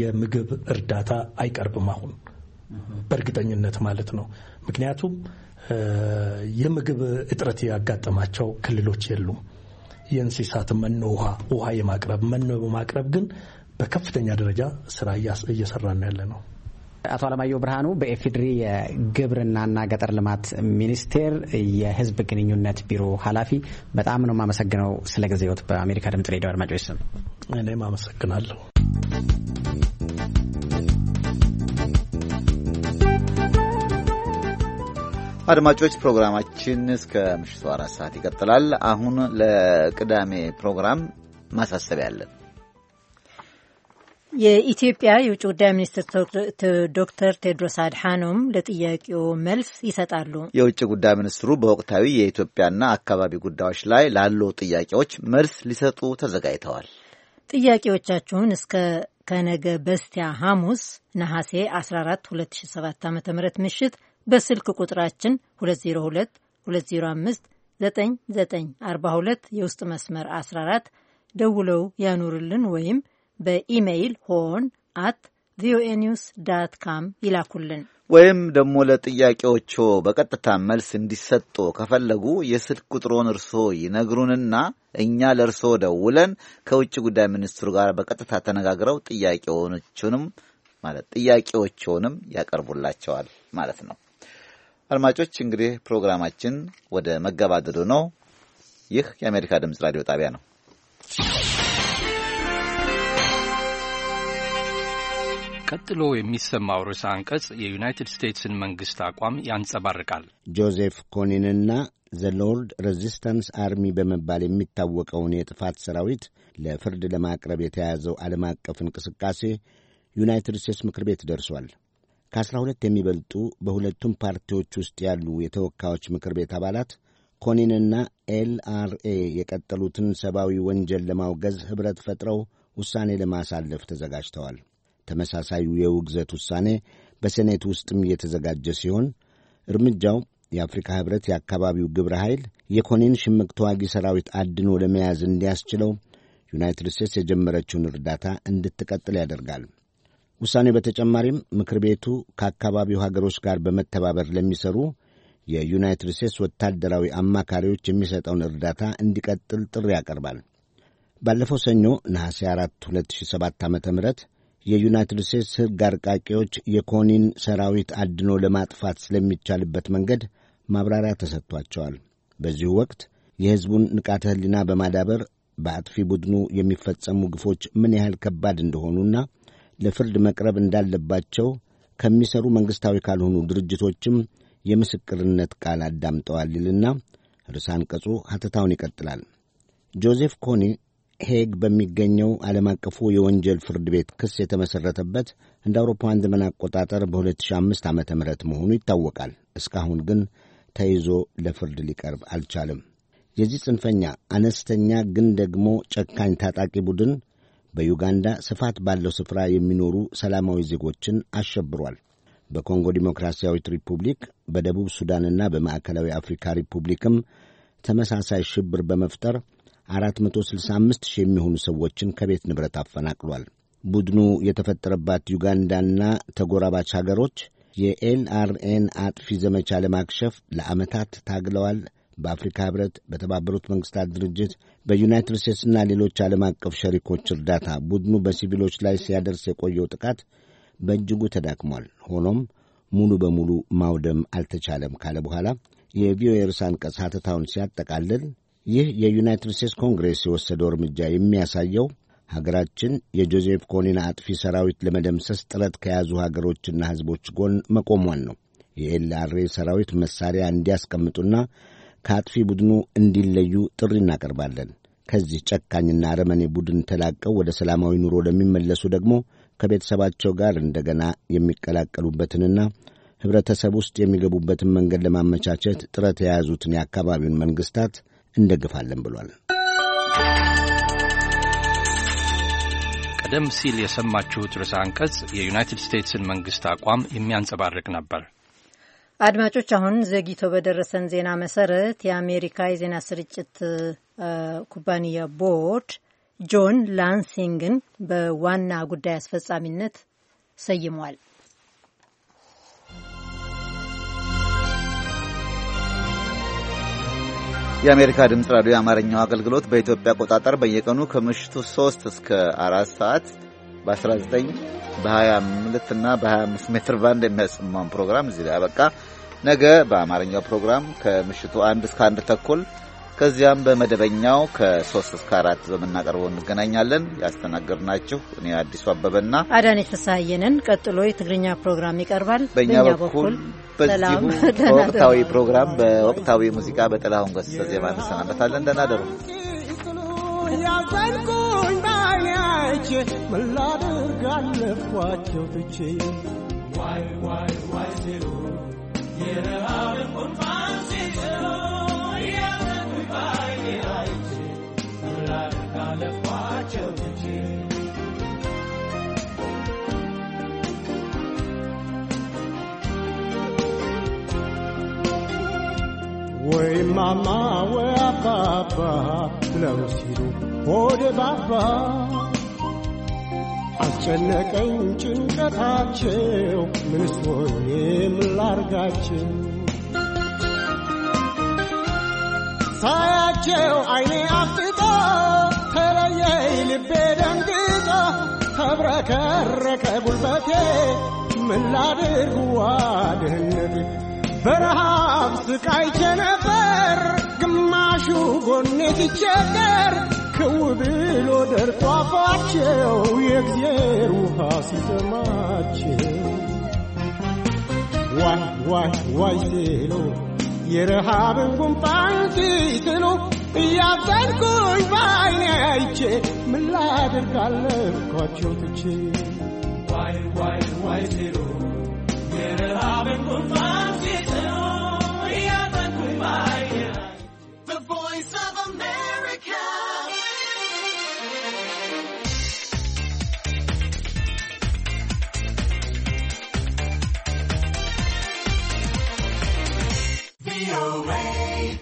Speaker 3: የምግብ እርዳታ አይቀርብም አሁን በእርግጠኝነት ማለት ነው። ምክንያቱም የምግብ እጥረት ያጋጠማቸው ክልሎች የሉም። የእንስሳት መኖ ውሃ ውሃ የማቅረብ መኖ በማቅረብ ግን በከፍተኛ ደረጃ ስራ ነው ያለ ነው።
Speaker 9: አቶ አለማየሁ ብርሃኑ በኤፊድሪ የግብርናና ገጠር ልማት ሚኒስቴር የህዝብ ግንኙነት ቢሮ ኃላፊ፣ በጣም ነው የማመሰግነው ስለ ጊዜዎት በአሜሪካ ድምጽ ሬዲዮ አድማጮች
Speaker 3: ስም እኔም አመሰግናለሁ።
Speaker 2: አድማጮች ፕሮግራማችን እስከ ምሽቱ አራት ሰዓት ይቀጥላል። አሁን ለቅዳሜ ፕሮግራም ማሳሰቢያ አለን።
Speaker 1: የኢትዮጵያ የውጭ ጉዳይ ሚኒስትር ዶክተር ቴድሮስ አድሓኖም ለጥያቄው መልስ ይሰጣሉ።
Speaker 2: የውጭ ጉዳይ ሚኒስትሩ በወቅታዊ የኢትዮጵያና አካባቢ ጉዳዮች ላይ ላሉ ጥያቄዎች መልስ ሊሰጡ ተዘጋጅተዋል።
Speaker 1: ጥያቄዎቻችሁን እስከ ከነገ በስቲያ ሐሙስ ነሐሴ 14 2007 ዓ ም ምሽት በስልክ ቁጥራችን 202 205 9942 የውስጥ መስመር 14 ደውለው ያኑርልን ወይም በኢሜይል ሆን አት ቪኦኤ ኒውስ ዳት ካም ይላኩልን።
Speaker 2: ወይም ደግሞ ለጥያቄዎቹ በቀጥታ መልስ እንዲሰጡ ከፈለጉ የስልክ ቁጥሮን እርስዎ ይነግሩንና እኛ ለእርስዎ ደውለን ከውጭ ጉዳይ ሚኒስትሩ ጋር በቀጥታ ተነጋግረው ጥያቄዎቹንም ማለት ጥያቄዎቹንም ያቀርቡላቸዋል ማለት ነው። አድማጮች እንግዲህ ፕሮግራማችን ወደ መገባደዱ ነው። ይህ የአሜሪካ ድምፅ ራዲዮ ጣቢያ ነው።
Speaker 12: ቀጥሎ የሚሰማው
Speaker 6: ርዕሰ አንቀጽ የዩናይትድ ስቴትስን መንግሥት አቋም ያንጸባርቃል።
Speaker 16: ጆዜፍ ኮኒንና ዘ ሎርድ ሬዚስታንስ አርሚ በመባል የሚታወቀውን የጥፋት ሰራዊት ለፍርድ ለማቅረብ የተያዘው ዓለም አቀፍ እንቅስቃሴ ዩናይትድ ስቴትስ ምክር ቤት ደርሷል። ከአስራ ሁለት የሚበልጡ በሁለቱም ፓርቲዎች ውስጥ ያሉ የተወካዮች ምክር ቤት አባላት ኮኒንና ኤልአርኤ የቀጠሉትን ሰብአዊ ወንጀል ለማውገዝ ኅብረት ፈጥረው ውሳኔ ለማሳለፍ ተዘጋጅተዋል። ተመሳሳዩ የውግዘት ውሳኔ በሴኔት ውስጥም እየተዘጋጀ ሲሆን እርምጃው የአፍሪካ ኅብረት የአካባቢው ግብረ ኃይል የኮኔን ሽምቅ ተዋጊ ሰራዊት አድኖ ለመያዝ እንዲያስችለው ዩናይትድ ስቴትስ የጀመረችውን እርዳታ እንድትቀጥል ያደርጋል። ውሳኔው በተጨማሪም ምክር ቤቱ ከአካባቢው ሀገሮች ጋር በመተባበር ለሚሰሩ የዩናይትድ ስቴትስ ወታደራዊ አማካሪዎች የሚሰጠውን እርዳታ እንዲቀጥል ጥሪ ያቀርባል። ባለፈው ሰኞ ነሐሴ 4 2007 ዓ ም የዩናይትድ ስቴትስ ሕግ አርቃቂዎች የኮኒን ሰራዊት አድኖ ለማጥፋት ስለሚቻልበት መንገድ ማብራሪያ ተሰጥቷቸዋል። በዚሁ ወቅት የሕዝቡን ንቃተ ሕሊና በማዳበር በአጥፊ ቡድኑ የሚፈጸሙ ግፎች ምን ያህል ከባድ እንደሆኑና ለፍርድ መቅረብ እንዳለባቸው ከሚሰሩ መንግሥታዊ ካልሆኑ ድርጅቶችም የምስክርነት ቃል አዳምጠዋል ይልና ርዕሰ አንቀጹ ሐተታውን ይቀጥላል። ጆዜፍ ኮኒ ሄግ በሚገኘው ዓለም አቀፉ የወንጀል ፍርድ ቤት ክስ የተመሠረተበት እንደ አውሮፓውያን ዘመን አቆጣጠር በ2005 ዓ ም መሆኑ ይታወቃል። እስካሁን ግን ተይዞ ለፍርድ ሊቀርብ አልቻለም። የዚህ ጽንፈኛ አነስተኛ ግን ደግሞ ጨካኝ ታጣቂ ቡድን በዩጋንዳ ስፋት ባለው ስፍራ የሚኖሩ ሰላማዊ ዜጎችን አሸብሯል። በኮንጎ ዲሞክራሲያዊት ሪፑብሊክ፣ በደቡብ ሱዳንና በማዕከላዊ አፍሪካ ሪፑብሊክም ተመሳሳይ ሽብር በመፍጠር 465 ሺህ የሚሆኑ ሰዎችን ከቤት ንብረት አፈናቅሏል። ቡድኑ የተፈጠረባት ዩጋንዳና ተጎራባች ሀገሮች የኤልአርኤን አጥፊ ዘመቻ ለማክሸፍ ለዓመታት ታግለዋል። በአፍሪካ ህብረት፣ በተባበሩት መንግስታት ድርጅት፣ በዩናይትድ ስቴትስና ሌሎች ዓለም አቀፍ ሸሪኮች እርዳታ ቡድኑ በሲቪሎች ላይ ሲያደርስ የቆየው ጥቃት በእጅጉ ተዳክሟል። ሆኖም ሙሉ በሙሉ ማውደም አልተቻለም ካለ በኋላ የቪኦኤ ርዕሰ አንቀጽ ሐተታውን ሲያጠቃልል ይህ የዩናይትድ ስቴትስ ኮንግሬስ የወሰደው እርምጃ የሚያሳየው ሀገራችን የጆዜፍ ኮኒን አጥፊ ሰራዊት ለመደምሰስ ጥረት ከያዙ ሀገሮችና ሕዝቦች ጎን መቆሟን ነው። የኤልአርኤ ሰራዊት መሳሪያ እንዲያስቀምጡና ከአጥፊ ቡድኑ እንዲለዩ ጥሪ እናቀርባለን። ከዚህ ጨካኝና አረመኔ ቡድን ተላቀው ወደ ሰላማዊ ኑሮ ለሚመለሱ ደግሞ ከቤተሰባቸው ጋር እንደገና የሚቀላቀሉበትንና ኅብረተሰብ ውስጥ የሚገቡበትን መንገድ ለማመቻቸት ጥረት የያዙትን የአካባቢውን መንግሥታት እንደግፋለን ብሏል።
Speaker 6: ቀደም ሲል የሰማችሁት ርዕሰ አንቀጽ የዩናይትድ ስቴትስን መንግስት አቋም የሚያንጸባርቅ ነበር።
Speaker 1: አድማጮች፣ አሁን ዘግይቶ በደረሰን ዜና መሰረት የአሜሪካ የዜና ስርጭት ኩባንያ ቦርድ ጆን ላንሲንግን በዋና ጉዳይ አስፈጻሚነት ሰይሟል።
Speaker 2: የአሜሪካ ድምፅ ራዲዮ የአማርኛው አገልግሎት በኢትዮጵያ አቆጣጠር በየቀኑ ከምሽቱ 3 እስከ 4 ሰዓት በ19 በ22 እና በ25 ሜትር ባንድ የሚያሰማውን ፕሮግራም እዚህ ላይ አበቃ። ነገ በአማርኛው ፕሮግራም ከምሽቱ 1 እስከ አንድ ተኩል ከዚያም በመደበኛው ከሶስት እስከ አራት በምናቀርበው እንገናኛለን። ያስተናገድናችሁ እኔ አዲሱ አበበና
Speaker 1: አዳነች ፍስሐየንን። ቀጥሎ የትግርኛ ፕሮግራም ይቀርባል። በእኛ በኩል
Speaker 2: በዚሁ በወቅታዊ ፕሮግራም በወቅታዊ ሙዚቃ በጥላሁን ገሰሰ ዜማ እንሰናበታለን። ደህና ደሩ።
Speaker 10: ያዘንኩኝ ባይናች ምን አለፏቸው ትቼ
Speaker 7: ዋይ ዋይ ዋይ ሲሉ የረሃብን ቁርባን ሲዘ ወይ
Speaker 10: ማማ ወይ አባባ ብለው ሲሉ ሆደ ባባ አስጨነቀኝ ጭንቀታቸው ምንስ ሆኜ ምን ላርጋቸው ሳያቸው አይኔ አፍጥጦ ተለየይ ልቤ ደንግጦ ተብረከረከ ጉልበቴ ምን ላድርግ ዋድህነት በረሃብ ስቃይቼ ነበር ግማሹ ጎኔ ትቸገር ክው ብሎ ደርቆ
Speaker 7: አፏቸው
Speaker 10: የእግዜር ውሃ ሲሰማቸው ዋይ ዋይ ዋይ ሴሎ የረሃብን ጉንፋን ሲስሉ እያዘንኩኝ በዓይኔ አይቼ ምን ላድርግ አለብኳቸው ትቼ ዋይ ዋይ ዋይ ሲሉ
Speaker 7: የረሃብን ጉንፋን ሲስሉ እያዘንኩኝ በዓይኔ